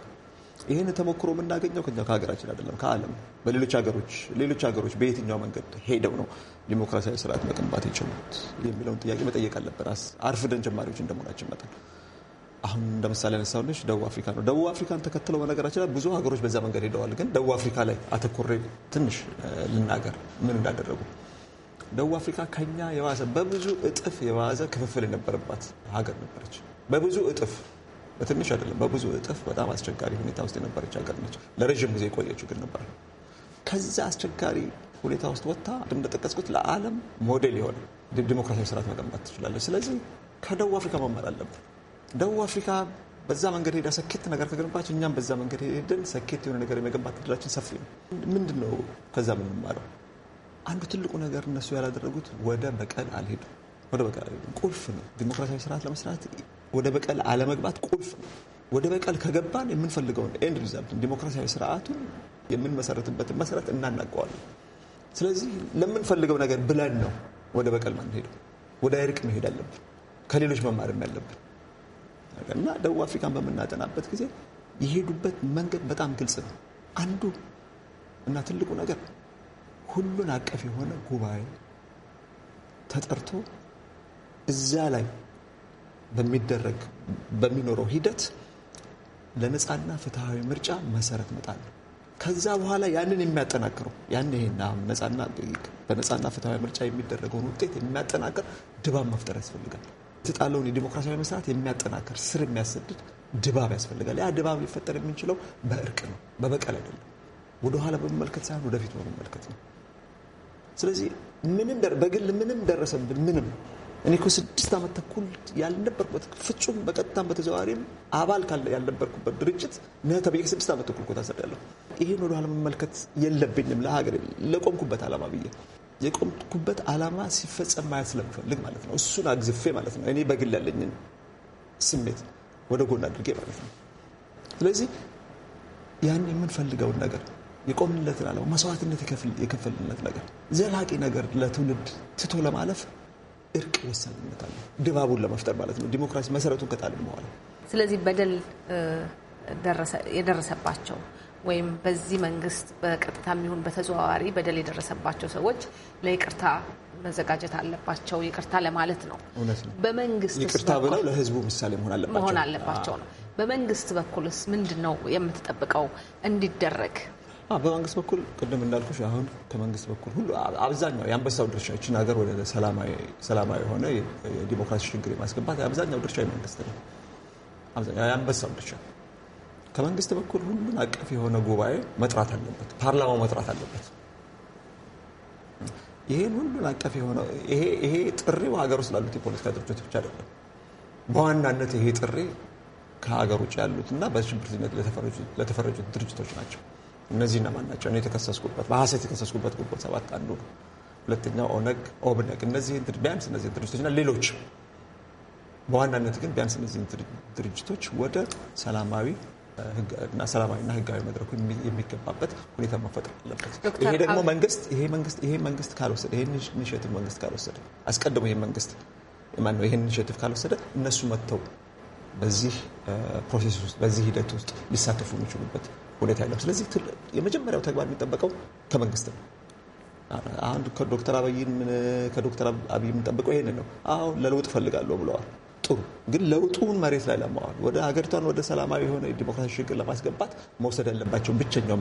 ይህን ተሞክሮ የምናገኘው ከኛ ከሀገራችን አይደለም፣ ከዓለም በሌሎች ሀገሮች ሌሎች ሀገሮች በየትኛው መንገድ ሄደው ነው ዲሞክራሲያዊ ስርዓት መገንባት የቻሉት የሚለውን ጥያቄ መጠየቅ አለብን። አርፍደን ጀማሪዎች እንደመሆናችን መጠን አሁን እንደምሳሌ ያነሳሁልሽ ደቡብ አፍሪካ ነው። ደቡብ አፍሪካን ተከትለው በነገራችን ላይ ብዙ ሀገሮች በዛ መንገድ ሄደዋል። ግን ደቡብ አፍሪካ ላይ አተኩሬ ትንሽ ልናገር ምን እንዳደረጉ። ደቡብ አፍሪካ ከኛ የባሰ በብዙ እጥፍ የባዘ ክፍፍል የነበረባት ሀገር ነበረች። በብዙ እጥፍ በትንሽ አይደለም፣ በብዙ እጥፍ በጣም አስቸጋሪ ሁኔታ ውስጥ የነበረች ሀገር ነች። ለረዥም ጊዜ የቆየችው ግን ነበር። ከዛ አስቸጋሪ ሁኔታ ውስጥ ወጥታ እንደጠቀስኩት ለዓለም ሞዴል የሆነ ዲሞክራሲያዊ ስርዓት መገንባት ትችላለች። ስለዚህ ከደቡብ አፍሪካ መማር አለብን። ደቡብ አፍሪካ በዛ መንገድ ሄዳ ሰኬት ነገር ከገንባች እኛም በዛ መንገድ ሄደን ሰኬት የሆነ ነገር የመገንባት እድላችን ሰፊ ነው። ምንድን ነው ከዛ የምንማረው? አንዱ ትልቁ ነገር እነሱ ያላደረጉት ወደ በቀል አልሄዱም። ወደ በቀል ቁልፍ ነው። ዲሞክራሲያዊ ስርዓት ለመስራት ወደ በቀል አለመግባት ቁልፍ ነው። ወደ በቀል ከገባን የምንፈልገውን ኤንድ ሪዛልት ዲሞክራሲያዊ ስርዓቱን የምንመሰረትበትን መሰረት እናናቀዋለን። ስለዚህ ለምንፈልገው ነገር ብለን ነው ወደ በቀል ማንሄደው። ወደ እርቅ መሄድ አለብን። ከሌሎች መማርም ያለብን እና ደቡብ አፍሪካን በምናጠናበት ጊዜ የሄዱበት መንገድ በጣም ግልጽ ነው። አንዱ እና ትልቁ ነገር ሁሉን አቀፍ የሆነ ጉባኤ ተጠርቶ እዛ ላይ በሚደረግ በሚኖረው ሂደት ለነፃና ፍትሐዊ ምርጫ መሰረት መጣል ነው። ከዛ በኋላ ያንን የሚያጠናክረው ያን በነፃና ፍትሐዊ ምርጫ የሚደረገውን ውጤት የሚያጠናክር ድባብ መፍጠር ያስፈልጋል። የተጣለውን የዲሞክራሲያዊ መስራት የሚያጠናክር ስር የሚያሰድድ ድባብ ያስፈልጋል። ያ ድባብ ሊፈጠር የምንችለው በእርቅ ነው፣ በበቀል አይደለም። ወደኋላ በመመልከት ሳይሆን ወደፊት በመመልከት ነው። ስለዚህ ምንም በግል ምንም ደረሰብን ምንም እኔ እኮ ስድስት ዓመት ተኩል ያልነበርኩበት ፍጹም በቀጥታም በተዘዋዋሪም አባል ያልነበርኩበት ድርጅት ነህ ተብዬ ከስድስት ዓመት ተኩል እኮ ታሰሪያለሁ። ይህን ኋላ መመልከት የለብኝም ለሀገር ለቆምኩበት ዓላማ ብዬ የቆምኩበት ዓላማ ሲፈጸም ማየት ስለምፈልግ ማለት ነው። እሱን አግዝፌ ማለት ነው። እኔ በግል ያለኝን ስሜት ወደ ጎን አድርጌ ማለት ነው። ስለዚህ ያን የምንፈልገውን ነገር የቆምንለትን ዓላማ መስዋዕትነት የከፈልንለት ነገር ዘላቂ ነገር ለትውልድ ትቶ ለማለፍ እርቅ ወሳኝነት አለ። ድባቡን ለመፍጠር ማለት ነው። ዲሞክራሲ መሰረቱን ከጣልን በኋላ ስለዚህ በደል የደረሰባቸው ወይም በዚህ መንግስት በቀጥታ የሚሆን በተዘዋዋሪ በደል የደረሰባቸው ሰዎች ለይቅርታ መዘጋጀት አለባቸው። ይቅርታ ለማለት ነው። በመንግስት ይቅርታ ብለው ለህዝቡ ምሳሌ መሆን አለባቸው ነው። በመንግስት በኩልስ ምንድን ነው የምትጠብቀው እንዲደረግ? በመንግስት በኩል ቅድም እንዳልኩሽ አሁን ከመንግስት በኩል ሁሉ አብዛኛው የአንበሳው ድርሻ ይችን ሀገር ወደ ሰላማዊ የሆነ የዲሞክራሲ ሽግግር የማስገባት የአብዛኛው ድርሻ የመንግስት ነው። የአንበሳው ድርሻ ከመንግስት በኩል ሁሉን አቀፍ የሆነ ጉባኤ መጥራት አለበት። ፓርላማው መጥራት አለበት። ይህን ሁሉን አቀፍ የሆነ ይሄ ጥሪ ሀገር ውስጥ ላሉት የፖለቲካ ድርጅቶች ብቻ አይደለም። በዋናነት ይሄ ጥሪ ከሀገር ውጭ ያሉትና በሽብርተኝነት ለተፈረጁት ድርጅቶች ናቸው። እነዚህ እነማን ናቸው? እኔ የተከሰስኩበት በሀሰት የተከሰስኩበት ግንቦት ሰባት አንዱ ነው። ሁለተኛው ኦነግ፣ ኦብነግ እነዚህ ቢያንስ እነዚህ ድርጅቶችና ሌሎች በዋናነት ግን ቢያንስ እነዚህ ድርጅቶች ወደ ሰላማዊ ሰላማዊና ህጋዊ መድረኩ የሚገባበት ሁኔታ መፈጠር አለበት። ይሄ ደግሞ መንግስት ይሄ መንግስት ይሄ መንግስት ካልወሰደ ይሄን ኢኒሼቲቭ መንግስት ካልወሰደ አስቀድሞ ይሄ መንግስት ማነው ይሄን ኢኒሼቲቭ ካልወሰደ እነሱ መጥተው በዚህ ፕሮሴስ ውስጥ በዚህ ሂደት ውስጥ ሊሳተፉ የሚችሉበት ሁኔታ ያለው። ስለዚህ የመጀመሪያው ተግባር የሚጠበቀው ከመንግስት ነው። አሁን ከዶክተር አብይም ከዶክተር አብይ የምንጠብቀው ይሄንን ነው። አሁን ለለውጥ እፈልጋለሁ ብለዋል። ጥሩ ግን ለውጡን መሬት ላይ ለማዋል ወደ ሀገሪቷን ወደ ሰላማዊ የሆነ ዲሞክራሲ ሽግግር ለማስገባት መውሰድ ያለባቸው ብቸኛው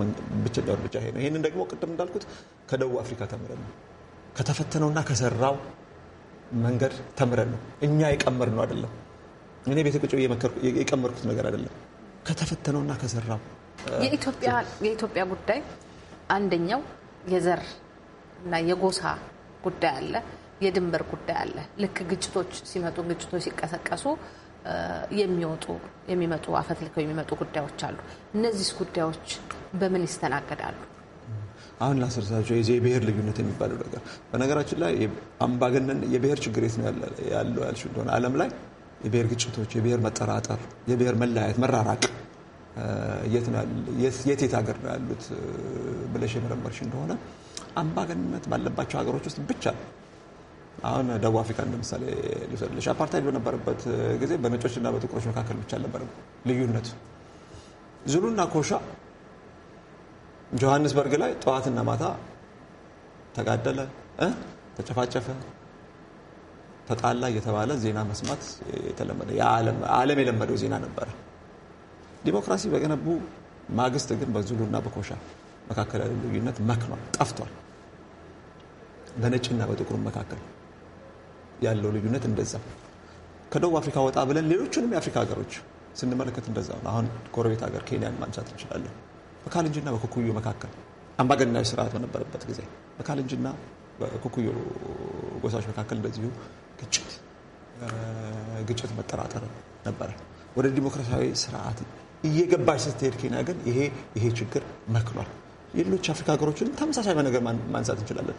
እርምጃ ይሄ ነው። ይህንን ደግሞ ቅድም እንዳልኩት ከደቡብ አፍሪካ ተምረን ነው ከተፈተነውና ከሰራው መንገድ ተምረን ነው። እኛ የቀመር ነው አይደለም። እኔ ቤተ ቁጭ የቀመርኩት ነገር አይደለም። ከተፈተነውና ከሰራው የኢትዮጵያ ጉዳይ አንደኛው የዘር እና የጎሳ ጉዳይ አለ፣ የድንበር ጉዳይ አለ። ልክ ግጭቶች ሲመጡ ግጭቶች ሲቀሰቀሱ የሚወጡ የሚመጡ አፈትልከው የሚመጡ ጉዳዮች አሉ። እነዚህ ጉዳዮች በምን ይስተናገዳሉ? አሁን ላስረሳቸው የብሔር ልዩነት የሚባለው ነገር በነገራችን ላይ አምባገነን የብሔር ችግር የት ነው ያለው ያልሽ እንደሆነ ዓለም ላይ የብሔር ግጭቶች፣ የብሔር መጠራጠር፣ የብሔር መለያየት፣ መራራቅ የት የት ሀገር ነው ያሉት ብለሽ የመረመርሽ እንደሆነ አምባገንነት ባለባቸው ሀገሮች ውስጥ ብቻ አሁን ደቡብ አፍሪካ ለምሳሌ ልውሰድልሽ። አፓርታይድ በነበረበት ጊዜ በነጮችና በጥቁሮች መካከል ብቻ አልነበረም ልዩነቱ። ዙሉና ኮሻ በርግ ላይ ጠዋትና ማታ ተጋደለ፣ ተጨፋጨፈ፣ ተጣላ እየተባለ ዜና መስማት የተለመደ አለም የለመደው ዜና ነበረ። ዲሞክራሲ በገነቡ ማግስት ግን በዙሉና በኮሻ መካከል ያለ ልዩነት መክኗል፣ ጠፍቷል። በነጭና በጥቁር መካከል ያለው ልዩነት እንደዛ። ከደቡብ አፍሪካ ወጣ ብለን ሌሎቹንም የአፍሪካ ሀገሮች ስንመለከት እንደዛ ነው። አሁን ጎረቤት ሀገር ኬንያን ማንሳት እንችላለን። በካልንጅና በኩኩዩ መካከል አምባገነናዊ ስርዓት በነበረበት ጊዜ በካልንጅና በኩኩዩ ጎሳዎች መካከል እንደዚሁ ግጭት ግጭት መጠራጠር ነበረ። ወደ ዲሞክራሲያዊ ስርዓት እየገባች ስትሄድ ኬንያ ግን ይሄ ይሄ ችግር መክሏል። የሌሎች አፍሪካ ሀገሮችን ተመሳሳይ ነገር ማንሳት እንችላለን።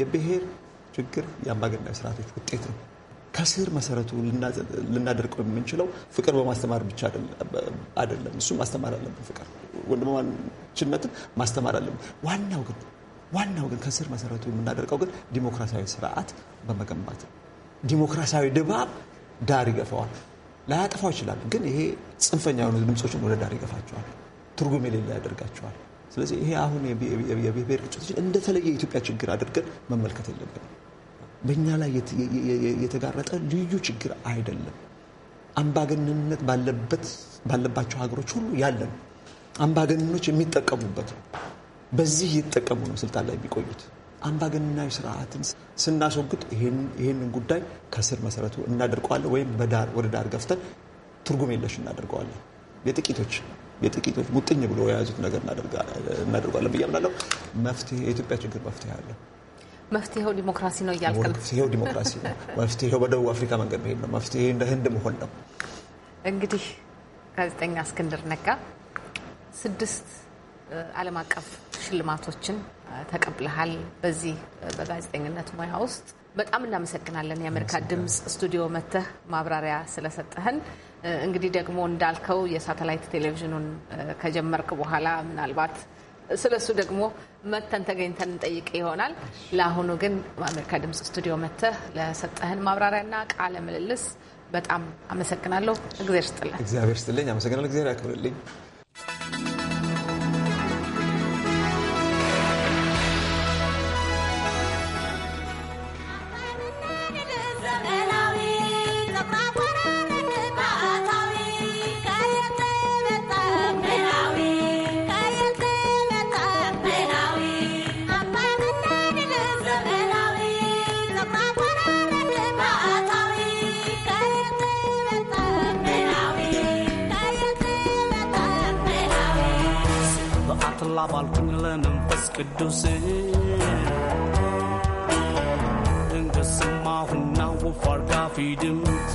የብሔር ችግር የአምባገነናዊ ስርዓቶች ውጤት ነው። ከስር መሰረቱ ልናደርቀው የምንችለው ፍቅር በማስተማር ብቻ አይደለም። እሱ ማስተማር አለብን። ፍቅር ወንድማማችነትን ማስተማር አለብን። ዋናው ግን ዋናው ግን ከስር መሰረቱ የምናደርቀው ግን ዲሞክራሲያዊ ስርዓት በመገንባት ዲሞክራሲያዊ ድባብ ዳር ይገፋዋል። ላያጠፋው ይችላል፣ ግን ይሄ ጽንፈኛ የሆኑ ድምፆችን ወደ ዳር ይገፋቸዋል፣ ትርጉም የሌለ ያደርጋቸዋል። ስለዚህ ይሄ አሁን የብሔር ግጭቶችን እንደተለየ የኢትዮጵያ ችግር አድርገን መመልከት የለብንም። በእኛ ላይ የተጋረጠ ልዩ ችግር አይደለም። አምባገነንነት ባለባቸው ሀገሮች ሁሉ ያለ ነው። አምባገነኖች የሚጠቀሙበት ነው። በዚህ ይጠቀሙ ነው ስልጣን ላይ የሚቆዩት። አምባገነናዊ ስርዓትን ስናስወግድ ይህንን ጉዳይ ከስር መሰረቱ እናደርቀዋለን ወይም በዳር ወደ ዳር ገፍተን ትርጉም የለሽ እናደርገዋለን። የጥቂቶች የጥቂቶች ሙጥኝ ብሎ የያዙት ነገር እናደርጓለን ብዬ አምናለሁ። መፍትሄ የኢትዮጵያ ችግር መፍትሄ አለ። መፍትሄው ዲሞክራሲ ነው እያልክ ነው። መፍትሄው ዲሞክራሲ ነው። መፍትሄው በደቡብ አፍሪካ መንገድ መሄድ ነው። መፍትሄ እንደ ህንድ መሆን ነው። እንግዲህ ጋዜጠኛ እስክንድር ነጋ ስድስት ዓለም አቀፍ ሽልማቶችን ተቀብለሃል በዚህ በጋዜጠኝነት ሙያ ውስጥ በጣም እናመሰግናለን። የአሜሪካ ድምፅ ስቱዲዮ መተህ ማብራሪያ ስለሰጠህን። እንግዲህ ደግሞ እንዳልከው የሳተላይት ቴሌቪዥኑን ከጀመርክ በኋላ ምናልባት ስለ እሱ ደግሞ መተን ተገኝተን እንጠይቅ ይሆናል። ለአሁኑ ግን በአሜሪካ ድምፅ ስቱዲዮ መተህ ለሰጠህን ማብራሪያና ቃለ ምልልስ በጣም አመሰግናለሁ። እግዚአብሔር ስጥልን። እግዚአብሔር ስጥልኝ። አመሰግናለሁ። እግዚአብሔር ያክብርልኝ። ሰላም አልኩኝ ለመንፈስ ቅዱስ እንገስማሁና ወፋር ጋፊ ድምፅ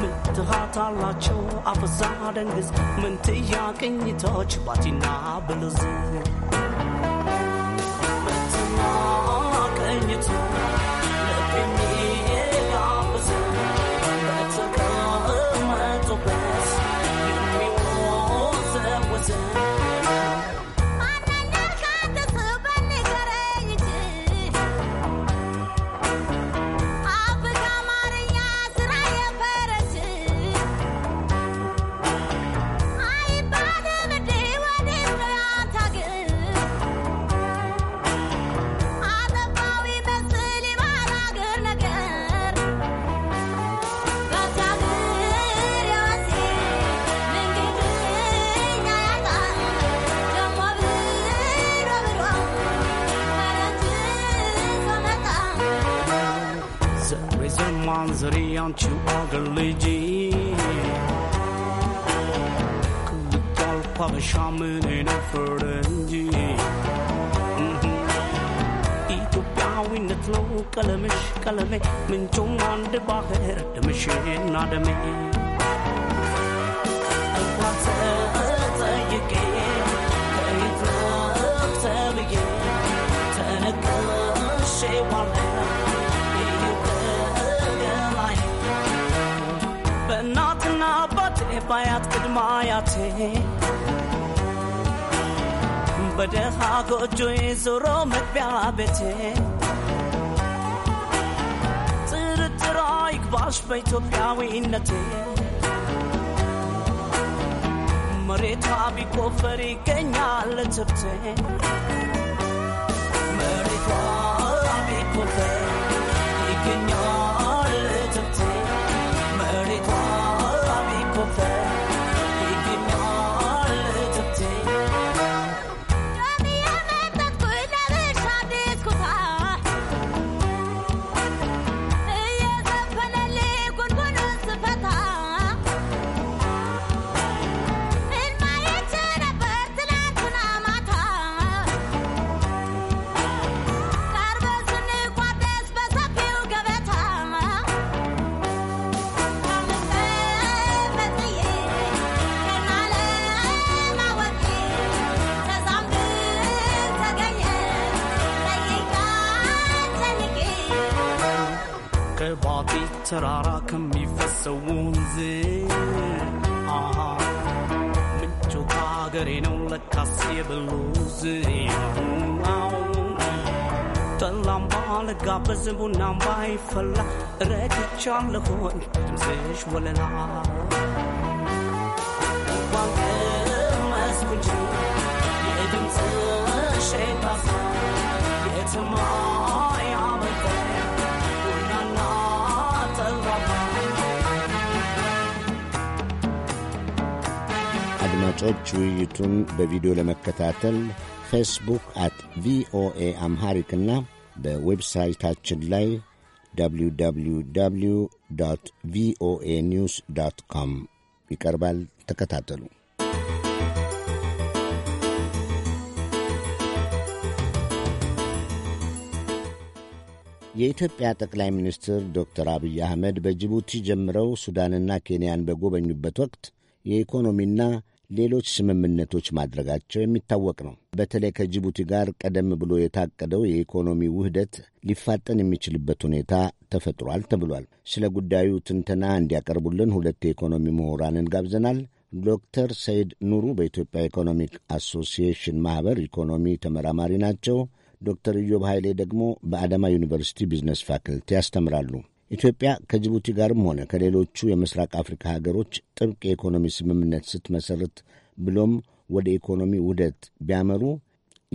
ምትሃት አላቸው አፈዛ ደንግዝ ምንትያ ቅኝቶች ባቲና ብልዝ ምንትና manzari aanchu agaliji kutal pagashamin in afranji ኢትዮጵያዊነት ነው ቀለምሽ ቀለሜ ምንጩም አንድ ባህር ደምሽ ናደሜ ባያት ቅድመ አያቴ በደሃ ጎጆ ዞሮ መግቢያ ቤቴ ጥርጥር ይግባሽ በኢትዮጵያዊነቴ መሬቷ ቢቆፈር ይገኛል ትብቴ በዝቡና ማይፈላ ረግቻም ለሆን ድምፅሽ ወለላ እንኳን ቀመስኩ እንጂ የድምፅሽ ጣሳ አድማጮች ውይይቱን በቪዲዮ ለመከታተል ፌስቡክ አት ቪኦኤ አምሃሪክና በዌብሳይታችን ላይ www ቪኦኤ ኒውስ ዳት ኮም ይቀርባል። ተከታተሉ። የኢትዮጵያ ጠቅላይ ሚኒስትር ዶክተር አብይ አህመድ በጅቡቲ ጀምረው ሱዳንና ኬንያን በጎበኙበት ወቅት የኢኮኖሚና ሌሎች ስምምነቶች ማድረጋቸው የሚታወቅ ነው። በተለይ ከጅቡቲ ጋር ቀደም ብሎ የታቀደው የኢኮኖሚ ውህደት ሊፋጠን የሚችልበት ሁኔታ ተፈጥሯል ተብሏል። ስለ ጉዳዩ ትንተና እንዲያቀርቡልን ሁለት የኢኮኖሚ ምሁራንን ጋብዘናል። ዶክተር ሰይድ ኑሩ በኢትዮጵያ ኢኮኖሚክ አሶሲዬሽን ማኅበር ኢኮኖሚ ተመራማሪ ናቸው። ዶክተር ኢዮብ ኃይሌ ደግሞ በአዳማ ዩኒቨርሲቲ ቢዝነስ ፋክልቲ ያስተምራሉ። ኢትዮጵያ ከጅቡቲ ጋርም ሆነ ከሌሎቹ የምስራቅ አፍሪካ ሀገሮች ጥብቅ የኢኮኖሚ ስምምነት ስትመሰርት ብሎም ወደ ኢኮኖሚ ውህደት ቢያመሩ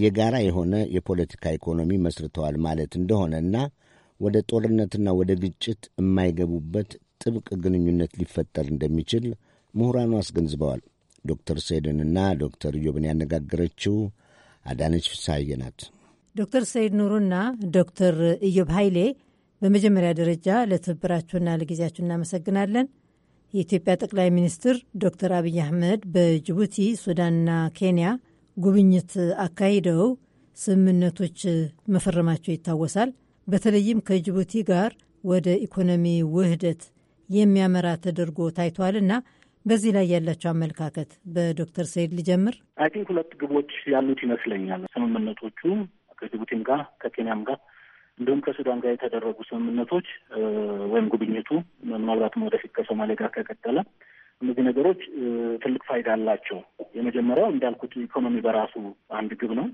የጋራ የሆነ የፖለቲካ ኢኮኖሚ መስርተዋል ማለት እንደሆነና ወደ ጦርነትና ወደ ግጭት የማይገቡበት ጥብቅ ግንኙነት ሊፈጠር እንደሚችል ምሁራኑ አስገንዝበዋል። ዶክተር ሰይድንና ዶክተር ዮብን ያነጋገረችው አዳነች ፍስሐዬ ናት። ዶክተር ሰይድ ኑሩና ዶክተር ኢዮብ ኃይሌ በመጀመሪያ ደረጃ ለትብብራችሁና ለጊዜያችሁ እናመሰግናለን። የኢትዮጵያ ጠቅላይ ሚኒስትር ዶክተር አብይ አህመድ በጅቡቲ ሱዳንና ኬንያ ጉብኝት አካሂደው ስምምነቶች መፈረማቸው ይታወሳል። በተለይም ከጅቡቲ ጋር ወደ ኢኮኖሚ ውህደት የሚያመራ ተደርጎ ታይቷልና በዚህ ላይ ያላቸው አመለካከት በዶክተር ሰይድ ልጀምር። አይ ቲንክ ሁለት ግቦች ያሉት ይመስለኛል ስምምነቶቹ ከጅቡቲም ጋር ከኬንያም ጋር እንዲሁም ከሱዳን ጋር የተደረጉ ስምምነቶች ወይም ጉብኝቱ ምናልባትም ወደፊት ከሶማሌ ጋር ከቀጠለ እነዚህ ነገሮች ትልቅ ፋይዳ አላቸው። የመጀመሪያው እንዳልኩት ኢኮኖሚ በራሱ አንድ ግብ ነው።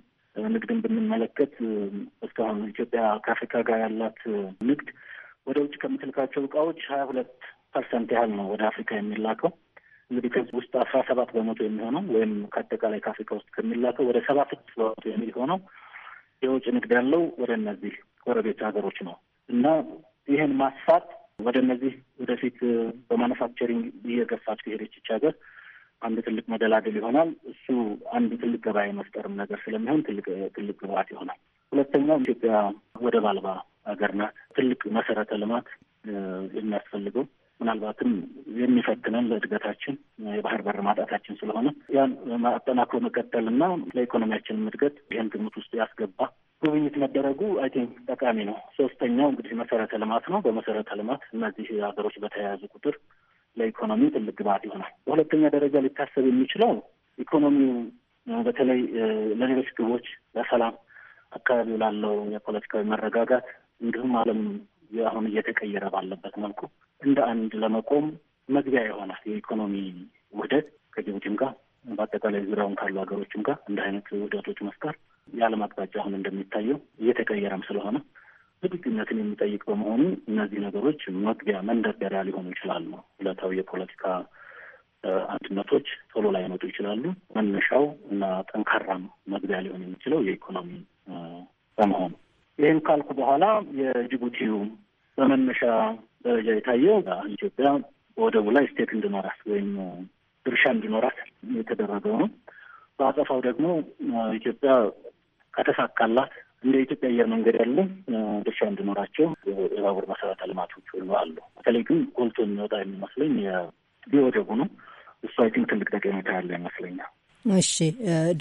ንግድን ብንመለከት እስካሁን ኢትዮጵያ ከአፍሪካ ጋር ያላት ንግድ ወደ ውጭ ከምትልካቸው እቃዎች ሀያ ሁለት ፐርሰንት ያህል ነው ወደ አፍሪካ የሚላከው። እንግዲህ ከዚህ ውስጥ አስራ ሰባት በመቶ የሚሆነው ወይም ከአጠቃላይ ከአፍሪካ ውስጥ ከሚላከው ወደ ሰባ ስድስት በመቶ የሚሆነው የውጭ ንግድ ያለው ወደ እነዚህ ጎረቤት ሀገሮች ነው እና ይህን ማስፋት ወደ እነዚህ ወደፊት በማኑፋክቸሪንግ እየገፋች ከሄደች ሀገር አንድ ትልቅ መደላደል ይሆናል። እሱ አንድ ትልቅ ገበያ የመፍጠርም ነገር ስለሚሆን ትልቅ ትልቅ ግብአት ይሆናል። ሁለተኛው ኢትዮጵያ ወደብ አልባ ሀገር ናት። ትልቅ መሰረተ ልማት የሚያስፈልገው ምናልባትም የሚፈትነን ለእድገታችን የባህር በር ማጣታችን ስለሆነ ያን አጠናክሮ መቀጠልና ለኢኮኖሚያችንም እድገት ይህን ግምት ውስጥ ያስገባ ጉብኝት መደረጉ አይ ቲንክ ጠቃሚ ነው። ሶስተኛው እንግዲህ መሰረተ ልማት ነው። በመሰረተ ልማት እነዚህ ሀገሮች በተያያዙ ቁጥር ለኢኮኖሚ ትልቅ ግብዓት ይሆናል። በሁለተኛ ደረጃ ሊታሰብ የሚችለው ኢኮኖሚው በተለይ ለሌሎች ግቦች፣ ለሰላም፣ አካባቢው ላለው የፖለቲካዊ መረጋጋት እንዲሁም ዓለም አሁን እየተቀየረ ባለበት መልኩ እንደ አንድ ለመቆም መግቢያ ይሆናል። የኢኮኖሚ ውህደት ከጅቡቲም ጋር በአጠቃላይ ዙሪያውን ካሉ ሀገሮችም ጋር እንደ አይነት ውህደቶች መፍጠር የዓለም አቅጣጫ አሁን እንደሚታየው እየተቀየረም ስለሆነ ዝግጁነትን የሚጠይቅ በመሆኑ እነዚህ ነገሮች መግቢያ መንደርደሪያ ሊሆኑ ይችላሉ። ሁለታዊ የፖለቲካ አንድነቶች ቶሎ ላይመጡ ይችላሉ። መነሻው እና ጠንካራም መግቢያ ሊሆን የሚችለው የኢኮኖሚ በመሆኑ ይህን ካልኩ በኋላ የጅቡቲው በመነሻ ደረጃ የታየው ኢትዮጵያ በወደቡ ላይ ስቴት እንዲኖራት ወይም ድርሻ እንድኖራት የተደረገው ነው። በአጸፋው ደግሞ ኢትዮጵያ ከተሳካላት እንደ ኢትዮጵያ አየር መንገድ ያሉ ድርሻ እንዲኖራቸው የባቡር መሰረተ ልማቶች ሁሉ አሉ። በተለይ ግን ጎልቶ የሚወጣ የሚመስለኝ የወደቡ ነው። እሱ አይ ቲንክ ትልቅ ጠቀሜታ ያለ ይመስለኛል። እሺ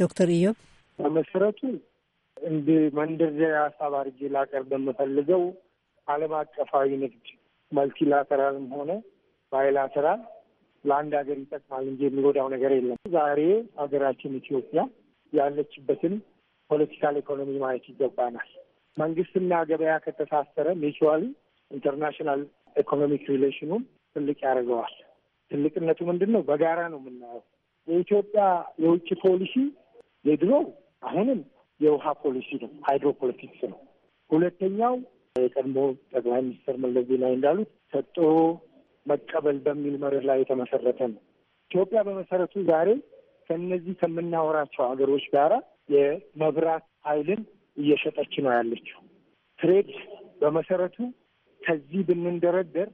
ዶክተር ኢዮብ መሰረቱ እንደ መንደርደሪያ ሀሳብ አድርጌ ላቀርብ የምፈልገው ዓለም አቀፋዊ ንግድ መልቲላተራልም ሆነ ባይላተራል ለአንድ ሀገር ይጠቅማል እንጂ የሚጎዳው ነገር የለም። ዛሬ ሀገራችን ኢትዮጵያ ያለችበትን ፖለቲካል ኢኮኖሚ ማየት ይገባናል። መንግስትና ገበያ ከተሳሰረ ሚቹዋሊ ኢንተርናሽናል ኢኮኖሚክ ሪሌሽኑም ትልቅ ያደርገዋል። ትልቅነቱ ምንድን ነው? በጋራ ነው የምናየው። የኢትዮጵያ የውጭ ፖሊሲ የድሮ አሁንም የውሃ ፖሊሲ ነው፣ ሃይድሮ ፖለቲክስ ነው። ሁለተኛው የቀድሞ ጠቅላይ ሚኒስትር መለስ ዜናዊ እንዳሉት ሰጥቶ መቀበል በሚል መርህ ላይ የተመሰረተ ነው። ኢትዮጵያ በመሰረቱ ዛሬ ከነዚህ ከምናወራቸው ሀገሮች ጋራ የመብራት ኃይልን እየሸጠች ነው ያለችው። ትሬድ በመሰረቱ ከዚህ ብንንደረደር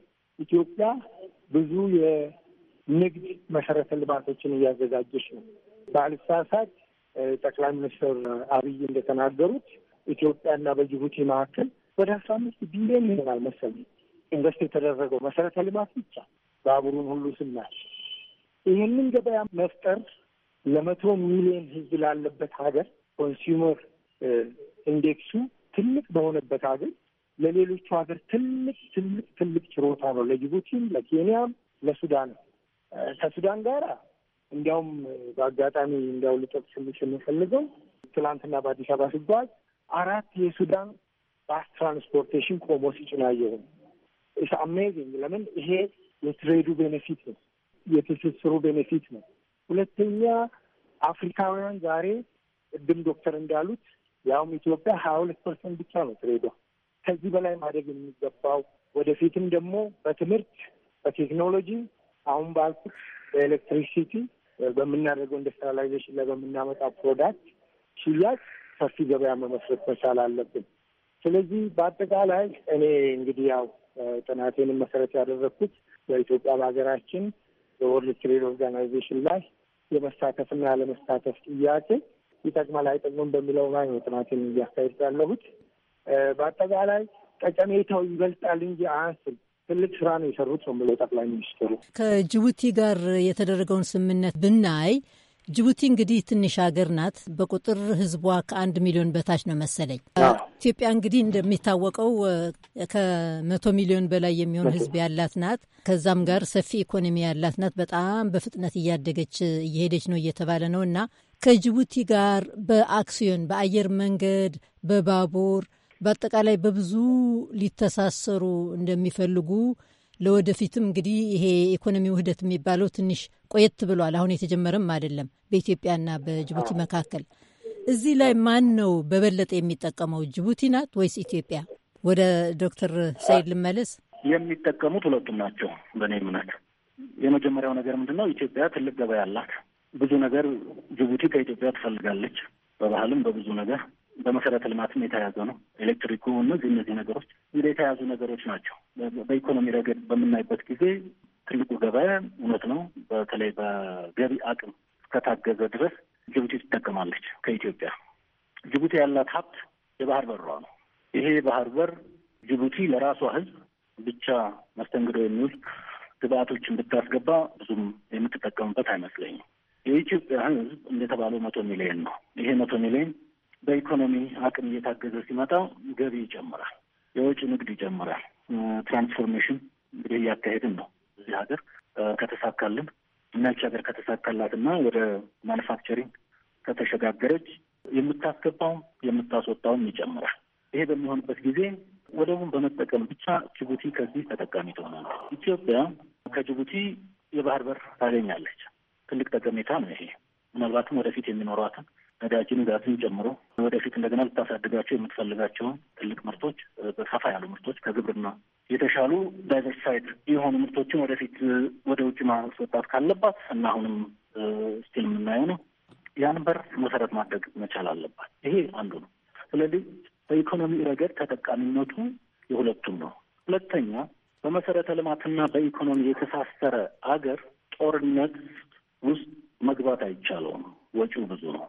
ኢትዮጵያ ብዙ የንግድ መሰረተ ልማቶችን እያዘጋጀች ነው። ባልሳሳት ጠቅላይ ሚኒስትር አብይ እንደተናገሩት ኢትዮጵያና በጅቡቲ መካከል ወደ አስራ አምስት ቢሊዮን ይሆናል መሰለኝ ኢንቨስት የተደረገው መሰረተ ልማት ብቻ ባቡሩን ሁሉ ስናል ይህንን ገበያ መፍጠር ለመቶ ሚሊዮን ህዝብ ላለበት ሀገር ኮንሱመር ኢንዴክሱ ትልቅ በሆነበት ሀገር ለሌሎቹ ሀገር ትልቅ ትልቅ ትልቅ ችሮታ ነው። ለጅቡቲም፣ ለኬንያም፣ ለሱዳን ከሱዳን ጋር እንዲያውም በአጋጣሚ እንዲያው ልጠቅስልሽ የምፈልገው ትላንትና በአዲስ አበባ ሲጓዝ አራት የሱዳን ባስ ትራንስፖርቴሽን ቆሞ ሲጭን አየሁም። ኢትስ አሜዚንግ። ለምን ይሄ የትሬዱ ቤኔፊት ነው፣ የትስስሩ ቤኔፊት ነው። ሁለተኛ አፍሪካውያን ዛሬ ቅድም ዶክተር እንዳሉት ያውም ኢትዮጵያ ሀያ ሁለት ፐርሰንት ብቻ ነው ትሬዶ። ከዚህ በላይ ማደግ የሚገባው ወደፊትም ደግሞ በትምህርት በቴክኖሎጂ አሁን ባልኩት በኤሌክትሪሲቲ በምናደርገው ኢንዱስትሪላይዜሽን ላይ በምናመጣው ፕሮዳክት ሽያጭ ሰፊ ገበያ መመስረት መቻል አለብን። ስለዚህ በአጠቃላይ እኔ እንግዲህ ያው ጥናቴንም መሰረት ያደረግኩት በኢትዮጵያ በሀገራችን በወርልድ ትሬድ ኦርጋናይዜሽን ላይ የመሳተፍና ያለመሳተፍ ጥያቄ ይጠቅማል አይጠቅምም በሚለው ላይ ነው ጥናትን እያካሄድ ያለሁት። በአጠቃላይ ጠቀሜታው ይበልጣል እንጂ አያንስም። ትልቅ ስራ ነው የሰሩት ነው የምለው ጠቅላይ ሚኒስትሩ። ከጅቡቲ ጋር የተደረገውን ስምምነት ብናይ ጅቡቲ እንግዲህ ትንሽ ሀገር ናት። በቁጥር ህዝቧ ከአንድ ሚሊዮን በታች ነው መሰለኝ። ኢትዮጵያ እንግዲህ እንደሚታወቀው ከመቶ ሚሊዮን በላይ የሚሆን ህዝብ ያላት ናት። ከዛም ጋር ሰፊ ኢኮኖሚ ያላት ናት። በጣም በፍጥነት እያደገች እየሄደች ነው እየተባለ ነው እና ከጅቡቲ ጋር በአክሲዮን በአየር መንገድ፣ በባቡር፣ በአጠቃላይ በብዙ ሊተሳሰሩ እንደሚፈልጉ ለወደፊትም እንግዲህ ይሄ የኢኮኖሚ ውህደት የሚባለው ትንሽ ቆየት ብሏል። አሁን የተጀመረም አይደለም በኢትዮጵያና በጅቡቲ መካከል። እዚህ ላይ ማን ነው በበለጠ የሚጠቀመው? ጅቡቲ ናት ወይስ ኢትዮጵያ? ወደ ዶክተር ሰይድ ልመለስ። የሚጠቀሙት ሁለቱም ናቸው በእኔ እምነት። የመጀመሪያው ነገር ምንድን ነው? ኢትዮጵያ ትልቅ ገበያ አላት። ብዙ ነገር ጅቡቲ ከኢትዮጵያ ትፈልጋለች፣ በባህልም በብዙ ነገር በመሰረተ ልማትም የተያዘ ነው። ኤሌክትሪኩ፣ እነዚህ እነዚህ ነገሮች እንደ የተያዙ ነገሮች ናቸው። በኢኮኖሚ ረገድ በምናይበት ጊዜ ትልቁ ገበያ እውነት ነው። በተለይ በገቢ አቅም እስከታገዘ ድረስ ጅቡቲ ትጠቀማለች። ከኢትዮጵያ ጅቡቲ ያላት ሀብት የባህር በሯ ነው። ይሄ የባህር በር ጅቡቲ ለራሷ ህዝብ ብቻ መስተንግዶ የሚውል ግብአቶችን ብታስገባ ብዙም የምትጠቀምበት አይመስለኝም። የኢትዮጵያ ህዝብ እንደተባለው መቶ ሚሊዮን ነው። ይሄ መቶ ሚሊዮን በኢኮኖሚ አቅም እየታገዘ ሲመጣ ገቢ ይጨምራል፣ የውጭ ንግድ ይጨምራል። ትራንስፎርሜሽን እንግዲህ እያካሄድን ነው። እዚህ ሀገር ከተሳካልን እናች ሀገር ሀገር ከተሳካላትና ወደ ማኑፋክቸሪንግ ከተሸጋገረች የምታስገባውም የምታስወጣውም ይጨምራል። ይሄ በሚሆንበት ጊዜ ወደቡን በመጠቀም ብቻ ጅቡቲ ከዚህ ተጠቃሚ ትሆናለች። ኢትዮጵያ ከጅቡቲ የባህር በር ታገኛለች። ትልቅ ጠቀሜታ ነው ይሄ ምናልባትም ወደፊት የሚኖሯትን ነዳጅን፣ ጋዝን ጨምሮ ወደፊት እንደገና ልታሳድጋቸው የምትፈልጋቸውን ትልቅ ምርቶች፣ በሰፋ ያሉ ምርቶች ከግብርና የተሻሉ ዳይቨርሲፋይድ የሆኑ ምርቶችን ወደፊት ወደ ውጭ ማስወጣት ካለባት እና አሁንም ስቲል የምናየው ነው ያን በር መሰረት ማድረግ መቻል አለባት። ይሄ አንዱ ነው። ስለዚህ በኢኮኖሚ ረገድ ተጠቃሚነቱ የሁለቱም ነው። ሁለተኛ በመሰረተ ልማትና በኢኮኖሚ የተሳሰረ አገር ጦርነት ውስጥ መግባት አይቻለውም። ወጪው ብዙ ነው።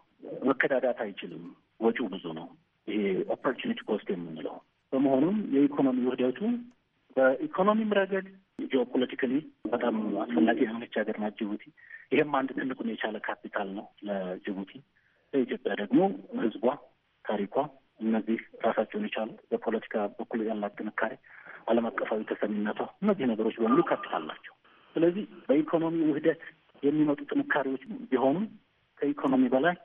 መከዳዳት አይችልም። ወጪው ብዙ ነው። ይሄ ኦፖርቹኒቲ ኮስት የምንለው በመሆኑም የኢኮኖሚ ውህደቱ በኢኮኖሚም ረገድ ጂኦፖለቲካሊ በጣም አስፈላጊ የሆነች ሀገር ናት ጅቡቲ። ይህም አንድ ትልቁን የቻለ ካፒታል ነው ለጅቡቲ። ለኢትዮጵያ ደግሞ ህዝቧ ታሪኳ፣ እነዚህ ራሳቸውን የቻሉ በፖለቲካ በኩል ያላት ጥንካሬ፣ ዓለም አቀፋዊ ተሰሚነቷ፣ እነዚህ ነገሮች በሙሉ ካፒታል ናቸው። ስለዚህ በኢኮኖሚ ውህደት የሚመጡ ጥንካሬዎች ቢሆኑ ከኢኮኖሚ በላይ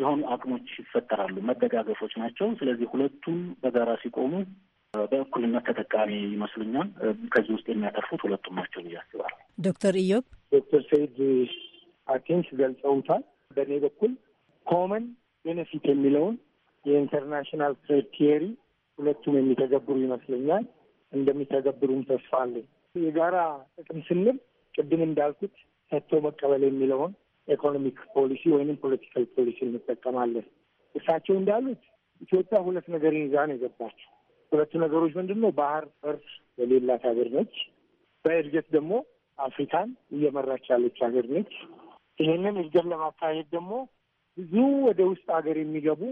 የሆኑ አቅሞች ይፈጠራሉ፣ መደጋገፎች ናቸው። ስለዚህ ሁለቱም በጋራ ሲቆሙ በእኩልነት ተጠቃሚ ይመስሉኛል። ከዚህ ውስጥ የሚያተርፉት ሁለቱም ናቸው ብዬ አስባለሁ። ዶክተር ኢዮብ ዶክተር ሰይድ አቴንስ ገልጸውታል። በእኔ በኩል ኮመን ቤኔፊት የሚለውን የኢንተርናሽናል ትሬድ ቲየሪ ሁለቱም የሚተገብሩ ይመስለኛል። እንደሚተገብሩም ተስፋ አለኝ። የጋራ ጥቅም ስንል ቅድም እንዳልኩት ሰጥቶ መቀበል የሚለውን ኢኮኖሚክ ፖሊሲ ወይም ፖለቲካል ፖሊሲ እንጠቀማለን። እሳቸው እንዳሉት ኢትዮጵያ ሁለት ነገርን ይዛ ነው የገባቸው። ሁለቱ ነገሮች ምንድን ነው? ባህር በር የሌላት ሀገር ነች። በእድገት ደግሞ አፍሪካን እየመራች ያለች ሀገር ነች። ይህንን እድገት ለማካሄድ ደግሞ ብዙ ወደ ውስጥ ሀገር የሚገቡ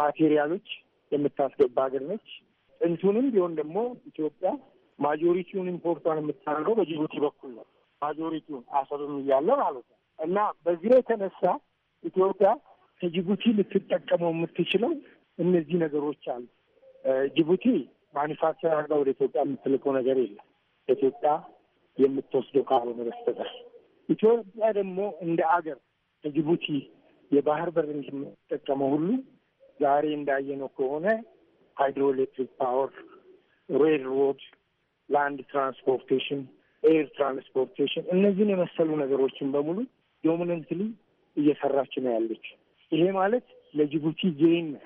ማቴሪያሎች የምታስገባ ሀገር ነች። ጥንቱንም ቢሆን ደግሞ ኢትዮጵያ ማጆሪቲውን ኢምፖርቷን የምታደርገው በጅቡቲ በኩል ነው። ማጆሪቲውን አሰብም እያለ ማለት ነው። እና በዚህ የተነሳ ኢትዮጵያ ከጅቡቲ ልትጠቀመው የምትችለው እነዚህ ነገሮች አሉ። ጅቡቲ ማኒፋክቸር አርጋ ወደ ኢትዮጵያ የምትልከው ነገር የለም ከኢትዮጵያ የምትወስደው ካልሆነ በስተቀር። ኢትዮጵያ ደግሞ እንደ አገር ከጅቡቲ የባህር በር እንደምትጠቀመው ሁሉ ዛሬ እንዳየነው ከሆነ ሃይድሮኤሌክትሪክ ፓወር፣ ሬል ሮድ፣ ላንድ ትራንስፖርቴሽን፣ ኤር ትራንስፖርቴሽን እነዚህን የመሰሉ ነገሮችን በሙሉ ዶሚነንትሊ እየሰራች ነው ያለች። ይሄ ማለት ለጅቡቲ ጌን ነው፣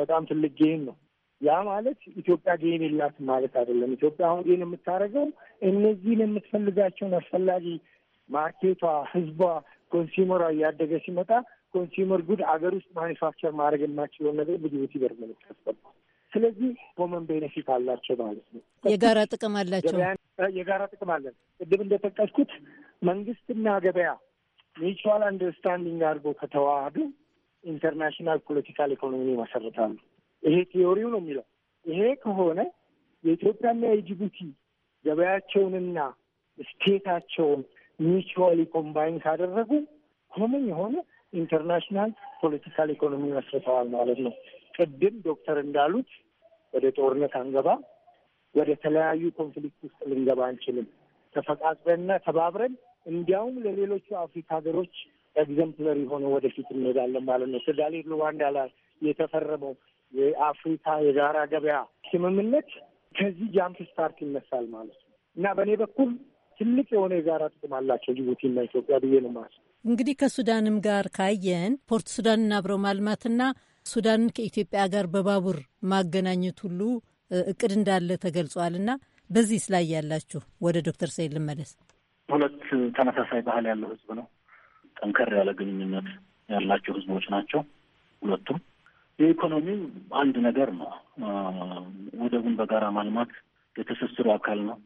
በጣም ትልቅ ጌን ነው። ያ ማለት ኢትዮጵያ ጌን የላት ማለት አይደለም። ኢትዮጵያ አሁን ጌን የምታደርገው እነዚህን የምትፈልጋቸውን አስፈላጊ ማርኬቷ፣ ህዝቧ፣ ኮንሱመሯ እያደገ ሲመጣ ኮንሱመር ጉድ አገር ውስጥ ማኒፋክቸር ማድረግ የማችለውን ነገር በጅቡቲ በር ምንታስገባ ስለዚህ ኮመን ቤኔፊት አላቸው ማለት ነው። የጋራ ጥቅም አላቸው። የጋራ ጥቅም አለን። ቅድም እንደጠቀስኩት መንግስትና ገበያ ሚቹዋል አንደርስታንዲንግ አድርጎ ከተዋህዱ ኢንተርናሽናል ፖለቲካል ኢኮኖሚ ይመሰረታሉ። ይሄ ቲዮሪው ነው የሚለው። ይሄ ከሆነ የኢትዮጵያና የጅቡቲ ገበያቸውንና ስቴታቸውን ሚቹዋሊ ኮምባይን ካደረጉ ኮመን የሆነ ኢንተርናሽናል ፖለቲካል ኢኮኖሚ መስርተዋል ማለት ነው። ቅድም ዶክተር እንዳሉት ወደ ጦርነት አንገባ፣ ወደ ተለያዩ ኮንፍሊክት ውስጥ ልንገባ አንችልም። ተፈቃቅረንና ተባብረን እንዲያውም ለሌሎቹ አፍሪካ ሀገሮች ኤግዘምፕለር የሆነ ወደፊት እንሄዳለን ማለት ነው። ስዳሌ ሩዋንዳ ላይ የተፈረመው የአፍሪካ የጋራ ገበያ ስምምነት ከዚህ ጃምፕ ስታርት ይነሳል ማለት ነው እና በእኔ በኩል ትልቅ የሆነ የጋራ ጥቅም አላቸው ጅቡቲና ኢትዮጵያ ብዬ ነው ማለት ነው። እንግዲህ ከሱዳንም ጋር ካየን ፖርት ሱዳንን አብረው ማልማትና ሱዳንን ከኢትዮጵያ ጋር በባቡር ማገናኘት ሁሉ እቅድ እንዳለ ተገልጿል እና በዚህ ስላይ ያላችሁ ወደ ዶክተር ሰይድ ልመለስ። ሁለት ተመሳሳይ ባህል ያለው ህዝብ ነው። ጠንከር ያለ ግንኙነት ያላቸው ህዝቦች ናቸው ሁለቱም። የኢኮኖሚው አንድ ነገር ነው። ወደቡን በጋራ ማልማት የትስስሩ አካል ነው።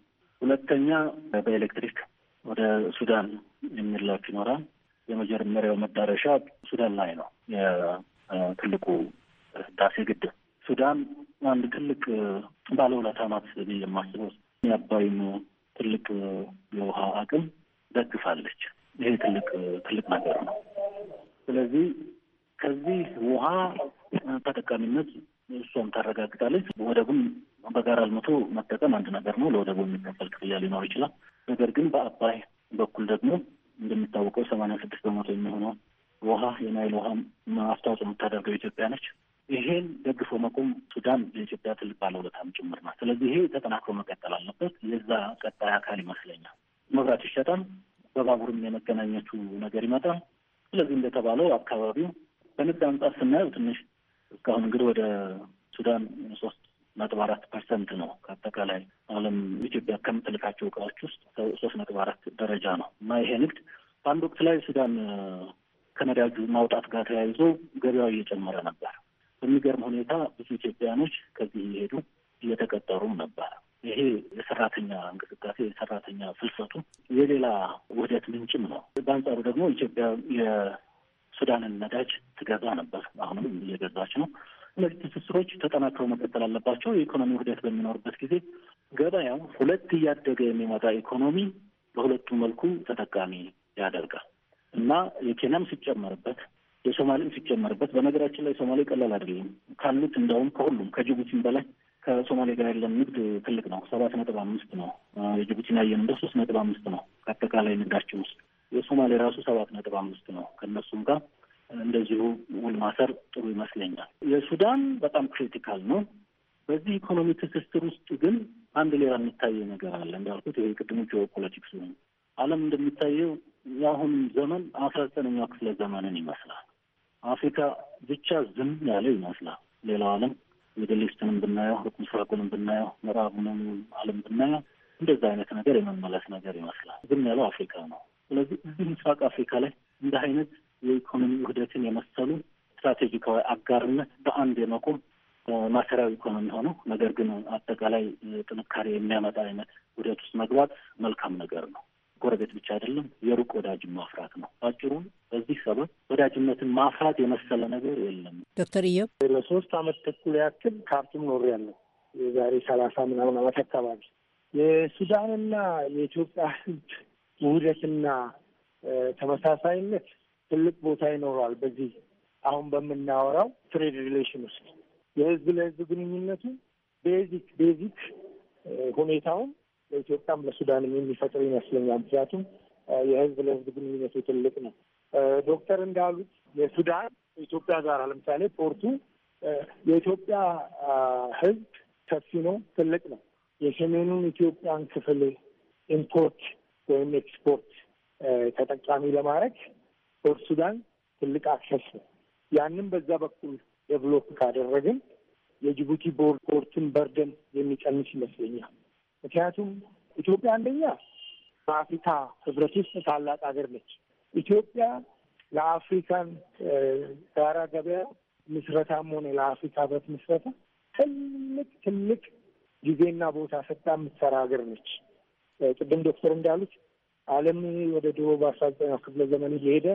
ሁለተኛ በኤሌክትሪክ ወደ ሱዳን የሚላክ ይኖራል። የመጀመሪያው መዳረሻ ሱዳን ላይ ነው። የትልቁ ህዳሴ ግድብ ሱዳን አንድ ትልቅ ባለውለታ ናት ብዬ የማስበው የአባይን ትልቅ የውሃ አቅም ደግፋለች። ይሄ ትልቅ ትልቅ ነገር ነው። ስለዚህ ከዚህ ውሃ ተጠቃሚነት እሷም ታረጋግጣለች። ወደቡም በጋራ አልምቶ መጠቀም አንድ ነገር ነው። ለወደቡ የሚከፈል ክፍያ ሊኖር ይችላል። ነገር ግን በአባይ በኩል ደግሞ እንደሚታወቀው ሰማንያ ስድስት በመቶ የሚሆነው ውሃ የናይል ውሃ አስተዋጽኦ የምታደርገው ኢትዮጵያ ነች። ይሄን ደግፎ መቆም ሱዳን ለኢትዮጵያ ትልቅ ባለውለታም ጭምር ናት። ስለዚህ ይሄ ተጠናክሮ መቀጠል አለበት። የዛ ቀጣይ አካል ይመስለኛል። መብራት ይሸጣል፣ በባቡርም የመገናኘቱ ነገር ይመጣል። ስለዚህ እንደተባለው አካባቢው በንግድ አንጻር ስናየው ትንሽ እስካሁን እንግዲህ ወደ ሱዳን ሶስት ነጥብ አራት ፐርሰንት ነው ከአጠቃላይ ዓለም ኢትዮጵያ ከምትልካቸው እቃዎች ውስጥ ሶስት ነጥብ አራት ደረጃ ነው እና ይሄ ንግድ በአንድ ወቅት ላይ ሱዳን ከነዳጁ ማውጣት ጋር ተያይዞ ገበያው እየጨመረ ነበር። በሚገርም ሁኔታ ብዙ ኢትዮጵያኖች ከዚህ እየሄዱ እየተቀጠሩም ነበር። ይሄ የሰራተኛ እንቅስቃሴ የሰራተኛ ፍልሰቱ የሌላ ውህደት ምንጭም ነው። በአንጻሩ ደግሞ ኢትዮጵያ የሱዳንን ነዳጅ ትገዛ ነበር፣ አሁንም እየገዛች ነው። እነዚህ ትስስሮች ተጠናክረው መቀጠል አለባቸው። የኢኮኖሚ ውህደት በሚኖርበት ጊዜ ገበያው ሁለት እያደገ የሚመጣ ኢኮኖሚ በሁለቱም መልኩ ተጠቃሚ ያደርጋል እና የኬንያም ሲጨመርበት የሶማሌም ሲጨመርበት። በነገራችን ላይ ሶማሌ ቀላል አይደለም ካሉት እንደውም ከሁሉም ከጅቡቲም በላይ ከሶማሌ ጋር ያለን ንግድ ትልቅ ነው። ሰባት ነጥብ አምስት ነው። የጅቡቲን አየን እንደ ሶስት ነጥብ አምስት ነው ከአጠቃላይ ንግዳችን ውስጥ የሶማሌ ራሱ ሰባት ነጥብ አምስት ነው። ከእነሱም ጋር እንደዚሁ ውል ማሰር ጥሩ ይመስለኛል። የሱዳን በጣም ክሪቲካል ነው። በዚህ ኢኮኖሚ ትስስር ውስጥ ግን አንድ ሌላ የሚታየ ነገር አለ። እንዳልኩት ይሄ ቅድሙ ጂኦፖለቲክስ ነው። ዓለም እንደሚታየው የአሁኑ ዘመን አስራ ዘጠነኛው ክፍለ ዘመንን ይመስላል። አፍሪካ ብቻ ዝም ያለ ይመስላል። ሌላው ዓለም ሚድል ኢስትንም ብናየው፣ ሩቅ ምስራቁንም ብናየው፣ ምዕራቡንም ዓለም ብናየው እንደዛ አይነት ነገር የመመለስ ነገር ይመስላል። ዝም ያለው አፍሪካ ነው። ስለዚህ እዚህ ምስራቅ አፍሪካ ላይ እንደ አይነት የኢኮኖሚ ውህደትን የመሰሉ ስትራቴጂካዊ አጋርነት በአንድ የመቆም ማሰሪያዊ ኢኮኖሚ ሆነው ነገር ግን አጠቃላይ ጥንካሬ የሚያመጣ አይነት ውህደት ውስጥ መግባት መልካም ነገር ነው። ጎረቤት ብቻ አይደለም፣ የሩቅ ወዳጅን ማፍራት ነው። አጭሩን በዚህ ሰበብ ወዳጅነትን ማፍራት የመሰለ ነገር የለም። ዶክተር እየው ለሶስት አመት ተኩል ያክል ካርቱም ኖሬያለሁ። የዛሬ ሰላሳ ምናምን አመት አካባቢ የሱዳንና የኢትዮጵያ ህዝብ ውህደትና ተመሳሳይነት ትልቅ ቦታ ይኖረዋል። በዚህ አሁን በምናወራው ትሬድ ሪሌሽን ውስጥ የህዝብ ለህዝብ ግንኙነቱ ቤዚክ ቤዚክ ሁኔታውን ለኢትዮጵያም ለሱዳንም የሚፈጥር ይመስለኛል። ምክንያቱም የህዝብ ለህዝብ ግንኙነቱ ትልቅ ነው። ዶክተር እንዳሉት የሱዳን ከኢትዮጵያ ጋር ለምሳሌ ፖርቱ የኢትዮጵያ ህዝብ ሰፊ ነው፣ ትልቅ ነው። የሰሜኑን ኢትዮጵያን ክፍል ኢምፖርት ወይም ኤክስፖርት ተጠቃሚ ለማድረግ ፖርት ሱዳን ትልቅ አክሰስ ነው። ያንም በዛ በኩል ዴቨሎፕ ካደረግን የጅቡቲ ቦርድ ፖርትን በርደን የሚቀንስ ይመስለኛል። ምክንያቱም ኢትዮጵያ አንደኛ በአፍሪካ ህብረት ውስጥ ታላቅ ሀገር ነች። ኢትዮጵያ ለአፍሪካን ጋራ ገበያ ምስረታም ሆነ ለአፍሪካ ህብረት ምስረታ ትልቅ ትልቅ ጊዜና ቦታ ሰጣ የምትሰራ ሀገር ነች። ቅድም ዶክተር እንዳሉት ዓለም ወደ ድሮ በአስራ ክፍለ ዘመን እየሄደ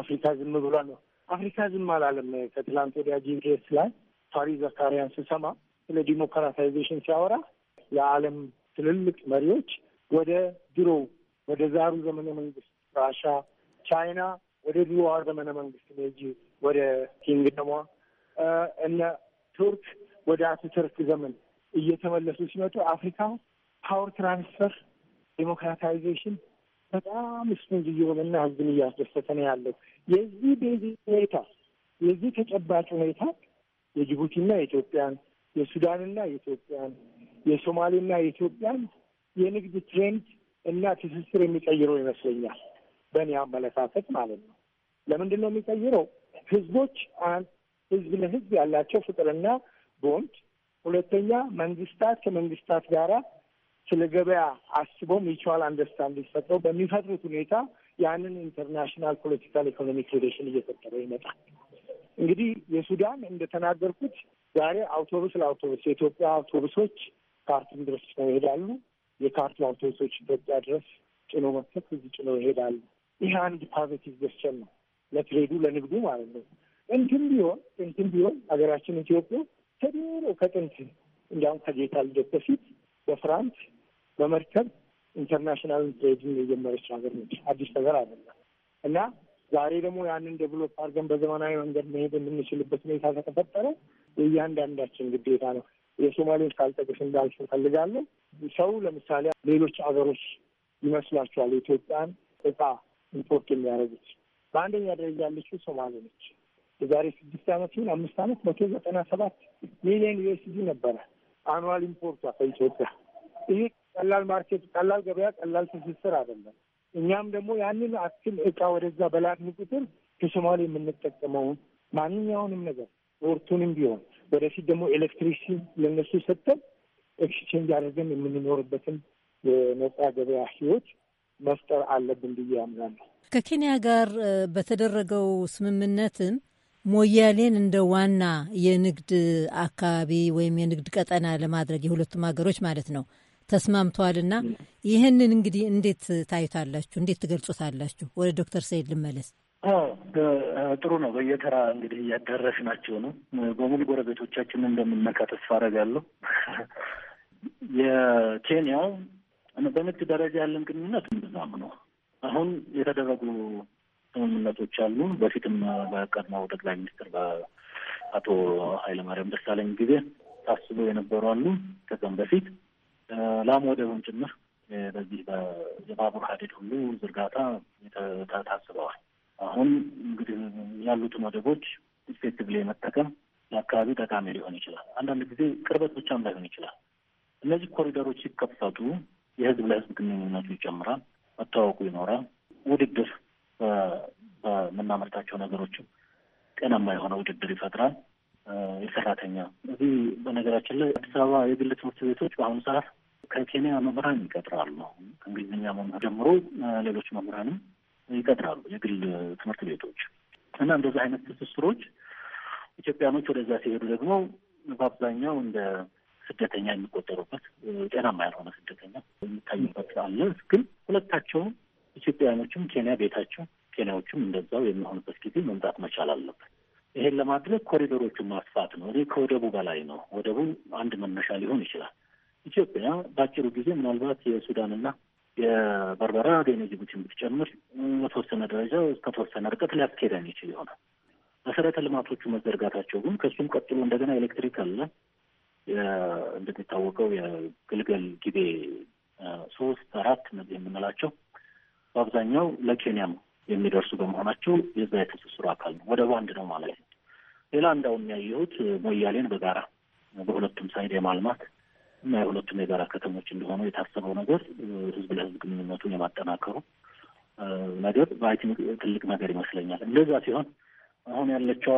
አፍሪካ ዝም ብሏ ነው። አፍሪካ ዝም አላለም። ከትላንት ወዲያ ጂፒኤስ ላይ ፓሪ ዘካሪያን ስሰማ ስለ ዲሞክራታይዜሽን ሲያወራ የዓለም ትልልቅ መሪዎች ወደ ድሮው ወደ ዛሩ ዘመነ መንግስት ራሻ፣ ቻይና ወደ ድሮዋ ዘመነ መንግስት ሜጂ ወደ ኪንግ ኪንግደሟ እነ ቱርክ ወደ አትትርክ ዘመን እየተመለሱ ሲመጡ አፍሪካ ፓወር ትራንስፈር ዴሞክራታይዜሽን በጣም ስሙዝ እየሆነና ህዝብን እያስደሰተ ነው ያለው። የዚህ ቤዚ ሁኔታ የዚህ ተጨባጭ ሁኔታ የጅቡቲና የኢትዮጵያን የሱዳንና የኢትዮጵያን የሶማሌና የኢትዮጵያን የንግድ ትሬንድ እና ትስስር የሚቀይረው ይመስለኛል፣ በእኔ አመለካከት ማለት ነው። ለምንድን ነው የሚቀይረው? ህዝቦች ህዝብ ለህዝብ ያላቸው ፍቅርና ቦንድ፣ ሁለተኛ መንግስታት ከመንግስታት ጋር ስለ ገበያ አስበው ሚቹዋል አንደርስታንድ ፈጥረው በሚፈጥሩት ሁኔታ ያንን ኢንተርናሽናል ፖለቲካል ኢኮኖሚክ ሪሌሽን እየፈጠረ ይመጣል። እንግዲህ የሱዳን እንደተናገርኩት ዛሬ አውቶቡስ ለአውቶቡስ የኢትዮጵያ አውቶቡሶች ካርቱም ድረስ ነው ይሄዳሉ። የካርቱም አውቶቡሶች ኢትዮጵያ ድረስ ጭኖ መክሰት እዚህ ጭኖ ይሄዳሉ። ይህ አንድ ፓዘቲቭ ገስቸን ነው ለትሬዱ ለንግዱ ማለት ነው። እንትን ቢሆን እንትን ቢሆን ሀገራችን ኢትዮጵያ ከድሮ ከጥንት እንዲያውም ከጌታ ልደት በፊት በፍራንስ በመርከብ ኢንተርናሽናል ትሬድን የጀመረች ሀገር ነች። አዲስ ነገር አይደለም እና ዛሬ ደግሞ ያንን ዴቨሎፕ አድርገን በዘመናዊ መንገድ መሄድ የምንችልበት ሁኔታ ከተፈጠረ የእያንዳንዳችን ግዴታ ነው። የሶማሌዎች ካልጠቅስ እንዳልሽ እፈልጋለሁ። ሰው ለምሳሌ ሌሎች አገሮች ይመስላችኋል የኢትዮጵያን እቃ ኢምፖርት የሚያደርጉት በአንደኛ ደረጃ ያለችው ሶማሌ ነች። የዛሬ ስድስት ዓመት ሲሆን አምስት ዓመት መቶ ዘጠና ሰባት ሚሊዮን ዩኤስዲ ነበረ አኑዋል ኢምፖርቷ ከኢትዮጵያ። ይህ ቀላል ማርኬት፣ ቀላል ገበያ፣ ቀላል ትስስር አይደለም። እኛም ደግሞ ያንን አክል እቃ ወደዛ በላክን ቁጥር ከሶማሌ የምንጠቀመውን ማንኛውንም ነገር ወርቱንም ቢሆን ወደፊት ደግሞ ኤሌክትሪክ ለነሱ ሰጥተን ኤክስቼንጅ አድርገን የምንኖርበትን የነጻ ገበያ ህይወት መፍጠር አለብን ብዬ ያምናለሁ። ከኬንያ ጋር በተደረገው ስምምነትም ሞያሌን እንደ ዋና የንግድ አካባቢ ወይም የንግድ ቀጠና ለማድረግ የሁለቱም ሀገሮች ማለት ነው ተስማምተዋልና ይህንን እንግዲህ እንዴት ታዩታላችሁ? እንዴት ትገልጹታላችሁ? ወደ ዶክተር ሰይድ ልመለስ። ጥሩ ነው። በየተራ እንግዲህ እያዳረስናቸው ነው። በሙሉ ጎረቤቶቻችን እንደምንመካ ተስፋ አደርጋለሁ። የኬንያው በንግድ ደረጃ ያለን ግንኙነት እምብዛም ነው። አሁን የተደረጉ ስምምነቶች አሉ። በፊትም በቀድሞው ጠቅላይ ሚኒስትር በአቶ ኃይለማርያም ደሳለኝ ጊዜ ታስቦ የነበሩ አሉ። ከዚያም በፊት ላም ወደብም ጭምር በዚህ የባቡር ሀዲድ ሁሉ ዝርጋታ ታስበዋል። አሁን እንግዲህ ያሉትን ወደቦች ኢፌክቲቭ ላይ መጠቀም ለአካባቢው ጠቃሚ ሊሆን ይችላል። አንዳንድ ጊዜ ቅርበት ብቻም ላይሆን ይችላል። እነዚህ ኮሪደሮች ሲከፈቱ የህዝብ ለህዝብ ግንኙነቱ ይጨምራል፣ መታወቁ ይኖራል። ውድድር በምናመርታቸው ነገሮችም ጤናማ የሆነ ውድድር ይፈጥራል። የሰራተኛ እዚህ በነገራችን ላይ አዲስ አበባ የግል ትምህርት ቤቶች በአሁኑ ሰዓት ከኬንያ መምህራን ይቀጥራሉ። ከእንግሊዝኛ መምህር ጀምሮ ሌሎች መምህራንም ይቀጥራሉ የግል ትምህርት ቤቶች እና እንደዚህ አይነት ትስስሮች ኢትዮጵያኖች ወደዛ ሲሄዱ ደግሞ በአብዛኛው እንደ ስደተኛ የሚቆጠሩበት ጤናማ ያልሆነ ስደተኛ የሚታዩበት አለ። ግን ሁለታቸውም ኢትዮጵያውያኖችም ኬንያ ቤታቸው ኬንያዎችም እንደዛው የሚሆንበት ጊዜ መምጣት መቻል አለበት። ይሄን ለማድረግ ኮሪደሮቹን ማስፋት ነው። እኔ ከወደቡ በላይ ነው። ወደቡ አንድ መነሻ ሊሆን ይችላል። ኢትዮጵያ በአጭሩ ጊዜ ምናልባት የሱዳንና የበርበራ ወደ ጅቡቲን ብትጨምር በተወሰነ ደረጃ ከተወሰነ ርቀት ሊያስኬደን ይችል ይሆናል። መሰረተ ልማቶቹ መዘርጋታቸው ግን ከሱም ቀጥሎ እንደገና ኤሌክትሪክ አለ። እንደሚታወቀው የግልገል ጊቤ ሶስት አራት እነዚህ የምንላቸው በአብዛኛው ለኬንያም የሚደርሱ በመሆናቸው የዛ የትስስሩ አካል ነው። ወደ ባንድ ነው ማለት ነው። ሌላ እንዳው ያየሁት ሞያሌን በጋራ በሁለቱም ሳይድ የማልማት እና የሁለቱም የጋራ ከተሞች እንደሆኑ የታሰበው ነገር ህዝብ ለህዝብ ግንኙነቱን የማጠናከሩ ነገር በአይቲንክ ትልቅ ነገር ይመስለኛል። እንደዛ ሲሆን አሁን ያለችዋ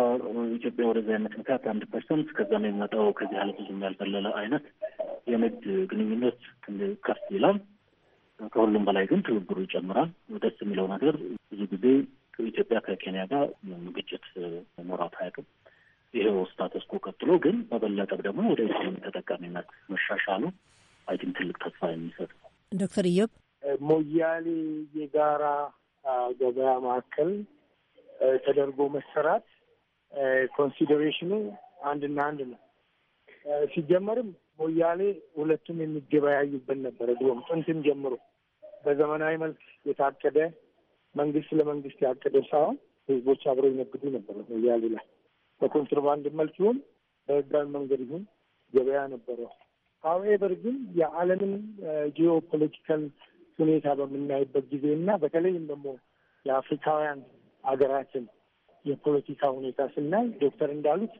ኢትዮጵያ ወደዚ አይነት ምክንያት አንድ ፐርሰንት ከዛም የሚመጣው ከዚህ አይነት ብዙም ያልፈለለ አይነት የንግድ ግንኙነት ከፍ ይላል። ከሁሉም በላይ ግን ትብብሩ ይጨምራል። ደስ የሚለው ነገር ብዙ ጊዜ ኢትዮጵያ ከኬንያ ጋር ግጭት ኖራት አያውቅም። ይሄው ስታተስ ኮ ቀጥሎ ግን በበለጠ ደግሞ ወደ ኢኮኖሚ ተጠቃሚነት መሻሻሉ አይ ትልቅ ተስፋ የሚሰጥ ነው። ዶክተር ኢዮብ ሞያሌ የጋራ ገበያ ማዕከል ተደርጎ መሰራት ኮንሲደሬሽኑ አንድና አንድ ነው። ሲጀመርም ሞያሌ ሁለቱም የሚገበያዩበት ነበረ። ድሮም ጥንትም ጀምሮ በዘመናዊ መልክ የታቀደ መንግስት ለመንግስት ያቀደ ሳይሆን ህዝቦች አብረው ይነግዱ ነበር ሞያሌ ላይ በኮንትሮባንድ መልክ ይሁን በህጋዊ መንገድ ይሁን ገበያ ነበረው። ሀዌቨር ግን የዓለምን ጂኦፖለቲካል ሁኔታ በምናይበት ጊዜ እና በተለይም ደግሞ የአፍሪካውያን ሀገራትን የፖለቲካ ሁኔታ ስናይ ዶክተር እንዳሉት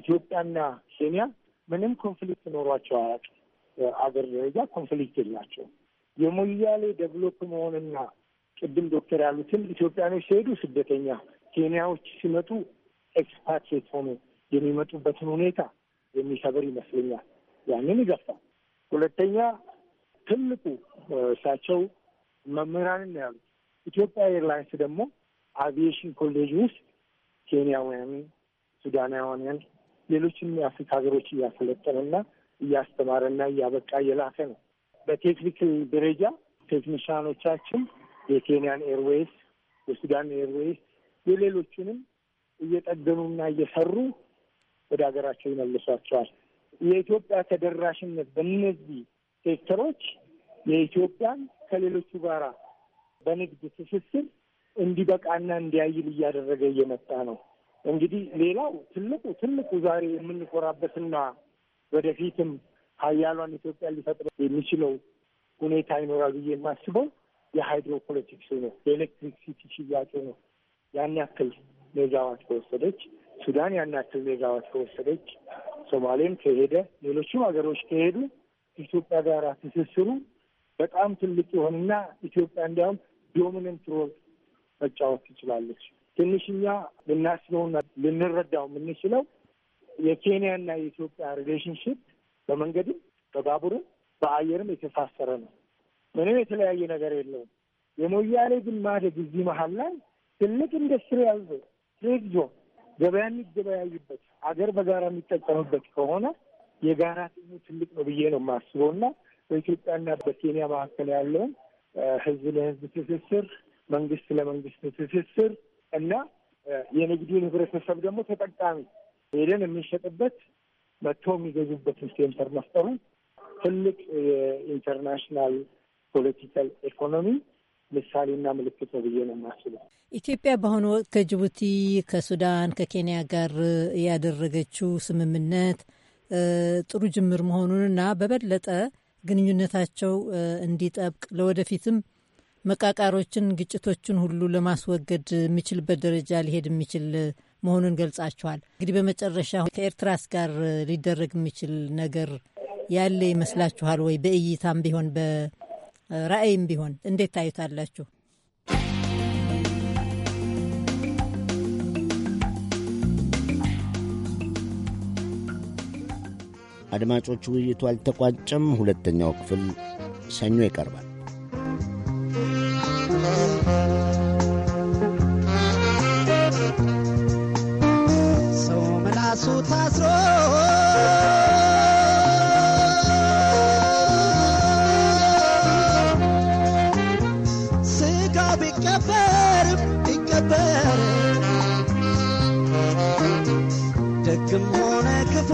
ኢትዮጵያና ኬንያ ምንም ኮንፍሊክት ኖሯቸው አያውቅም። አገር ደረጃ ኮንፍሊክት የላቸው የሞያሌ ደብሎፕ መሆንና ቅድም ዶክተር ያሉትን ኢትዮጵያኖች ሲሄዱ ስደተኛ፣ ኬንያዎች ሲመጡ ኤክስፓትሪት ሆኑ የሚመጡበትን ሁኔታ የሚሰብር ይመስለኛል። ያንን ይገፋል። ሁለተኛ ትልቁ እሳቸው መምህራንን ያሉት ኢትዮጵያ ኤርላይንስ ደግሞ አቪዬሽን ኮሌጅ ውስጥ ኬንያውያን፣ ሱዳናውያን፣ ሌሎችም የአፍሪካ ሀገሮች እያሰለጠነና እያስተማረና እያበቃ እየላከ ነው። በቴክኒካል ደረጃ ቴክኒሽያኖቻችን የኬንያን ኤርዌይስ፣ የሱዳን ኤርዌይስ፣ የሌሎችንም እየጠገኑና እየሰሩ ወደ ሀገራቸው ይመልሷቸዋል። የኢትዮጵያ ተደራሽነት በእነዚህ ሴክተሮች የኢትዮጵያን ከሌሎቹ ጋራ በንግድ ትስስር እንዲበቃና እንዲያይል እያደረገ እየመጣ ነው። እንግዲህ ሌላው ትልቁ ትልቁ ዛሬ የምንኮራበትና ወደፊትም ሀያሏን ኢትዮጵያ ሊፈጥር የሚችለው ሁኔታ ይኖራል ብዬ የማስበው የሃይድሮፖለቲክሱ ነው፣ የኤሌክትሪክ ሲቲ ሽያጩ ነው። ያን ያክል ሜጋዋት ከወሰደች፣ ሱዳን ያን ያክል ሜጋዋት ከወሰደች፣ ሶማሌም ከሄደ፣ ሌሎችም ሀገሮች ከሄዱ ኢትዮጵያ ጋር ትስስሩ በጣም ትልቅ የሆንና ኢትዮጵያ እንዲያውም ዶሚነንት ሮል መጫወት ትችላለች። ትንሽኛ ልናስበውና ልንረዳው የምንችለው የኬንያና የኢትዮጵያ ሪሌሽንሽፕ በመንገድም በባቡርም በአየርም የተሳሰረ ነው። ምንም የተለያየ ነገር የለውም። የሞያሌ ግን ማደግ እዚህ መሀል ላይ ትልቅ ኢንዱስትሪ ያዘው ተይዞ ገበያ የሚገበያይበት አገር በጋራ የሚጠቀምበት ከሆነ የጋራ ጥቅሙ ትልቅ ነው ብዬ ነው የማስበው እና በኢትዮጵያና በኬንያ መካከል ያለውን ህዝብ ለህዝብ ትስስር፣ መንግስት ለመንግስት ትስስር እና የንግዱን ህብረተሰብ ደግሞ ተጠቃሚ ሄደን የምንሸጥበት መጥቶ የሚገዙበትን ሴንተር መፍጠሩ ትልቅ የኢንተርናሽናል ፖለቲካል ኢኮኖሚ ምሳሌና ምልክት ነው ብዬ ነው የማስበው። ኢትዮጵያ በአሁኑ ወቅት ከጅቡቲ፣ ከሱዳን፣ ከኬንያ ጋር ያደረገችው ስምምነት ጥሩ ጅምር መሆኑንና በበለጠ ግንኙነታቸው እንዲጠብቅ ለወደፊትም መቃቃሮችን፣ ግጭቶችን ሁሉ ለማስወገድ የሚችልበት ደረጃ ሊሄድ የሚችል መሆኑን ገልጻችኋል። እንግዲህ በመጨረሻ ከኤርትራስ ጋር ሊደረግ የሚችል ነገር ያለ ይመስላችኋል ወይ? በእይታም ቢሆን ራዕይም ቢሆን እንዴት ታዩታላችሁ? አድማጮች፣ ውይይቱ አልተቋጨም። ሁለተኛው ክፍል ሰኞ ይቀርባል። ሰው ምላሱ ታስሮ ደግም ሆነ ክፉ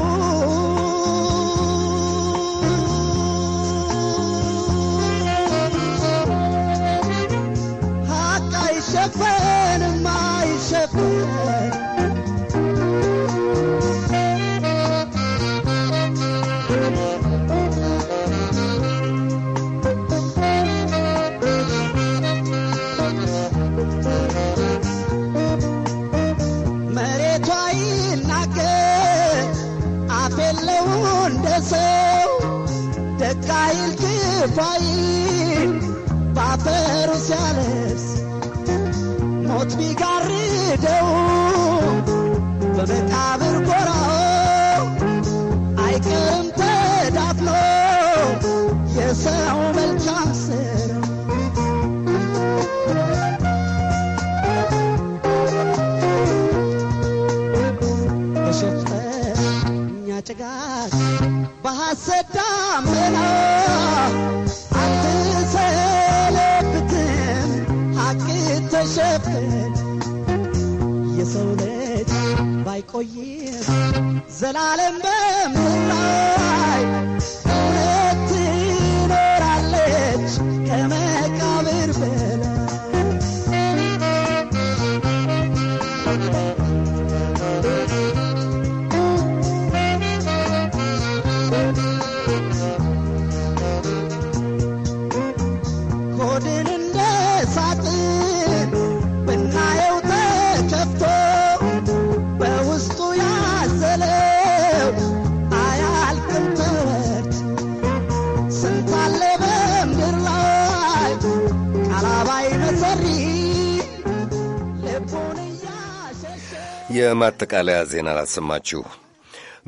የማጠቃለያ ዜና ላሰማችሁ።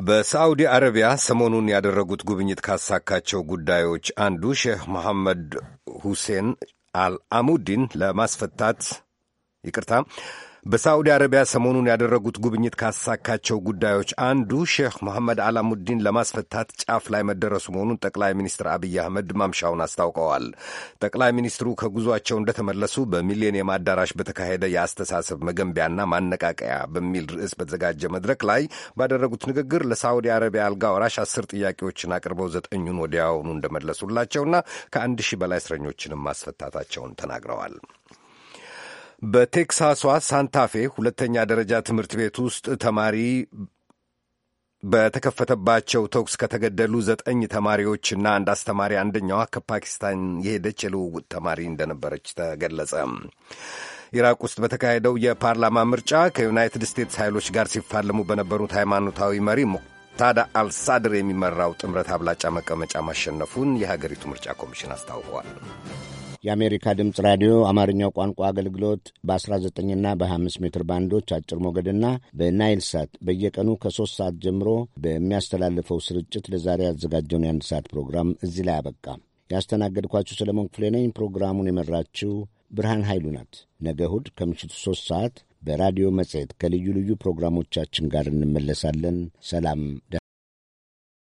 በሳዑዲ አረቢያ ሰሞኑን ያደረጉት ጉብኝት ካሳካቸው ጉዳዮች አንዱ ሼህ መሐመድ ሁሴን አልአሙዲን ለማስፈታት ይቅርታ በሳዑዲ አረቢያ ሰሞኑን ያደረጉት ጉብኝት ካሳካቸው ጉዳዮች አንዱ ሼህ መሐመድ አላሙዲን ለማስፈታት ጫፍ ላይ መደረሱ መሆኑን ጠቅላይ ሚኒስትር አብይ አህመድ ማምሻውን አስታውቀዋል። ጠቅላይ ሚኒስትሩ ከጉዟቸው እንደተመለሱ በሚሊኒየም አዳራሽ በተካሄደ የአስተሳሰብ መገንቢያና ማነቃቀያ በሚል ርዕስ በተዘጋጀ መድረክ ላይ ባደረጉት ንግግር ለሳዑዲ አረቢያ አልጋ ወራሽ አስር ጥያቄዎችን አቅርበው ዘጠኙን ወዲያውኑ እንደመለሱላቸውና ከአንድ ሺህ በላይ እስረኞችንም ማስፈታታቸውን ተናግረዋል። በቴክሳሷ ሳንታፌ ሁለተኛ ደረጃ ትምህርት ቤት ውስጥ ተማሪ በተከፈተባቸው ተኩስ ከተገደሉ ዘጠኝ ተማሪዎችና አንድ አስተማሪ አንደኛዋ ከፓኪስታን የሄደች የልውውጥ ተማሪ እንደነበረች ተገለጸ። ኢራቅ ውስጥ በተካሄደው የፓርላማ ምርጫ ከዩናይትድ ስቴትስ ኃይሎች ጋር ሲፋለሙ በነበሩት ሃይማኖታዊ መሪ ሙቅታዳ አልሳድር የሚመራው ጥምረት አብላጫ መቀመጫ ማሸነፉን የሀገሪቱ ምርጫ ኮሚሽን አስታውቀዋል። የአሜሪካ ድምፅ ራዲዮ አማርኛው ቋንቋ አገልግሎት በ19ና በ25 ሜትር ባንዶች አጭር ሞገድና በናይል ሳት በየቀኑ ከሶስት ሰዓት ጀምሮ በሚያስተላልፈው ስርጭት ለዛሬ ያዘጋጀውን የአንድ ሰዓት ፕሮግራም እዚህ ላይ አበቃ። ያስተናገድኳችሁ ሰለሞን ክፍሌ ነኝ። ፕሮግራሙን የመራችው ብርሃን ኃይሉ ናት። ነገ እሁድ ከምሽቱ ሶስት ሰዓት በራዲዮ መጽሔት ከልዩ ልዩ ፕሮግራሞቻችን ጋር እንመለሳለን። ሰላም።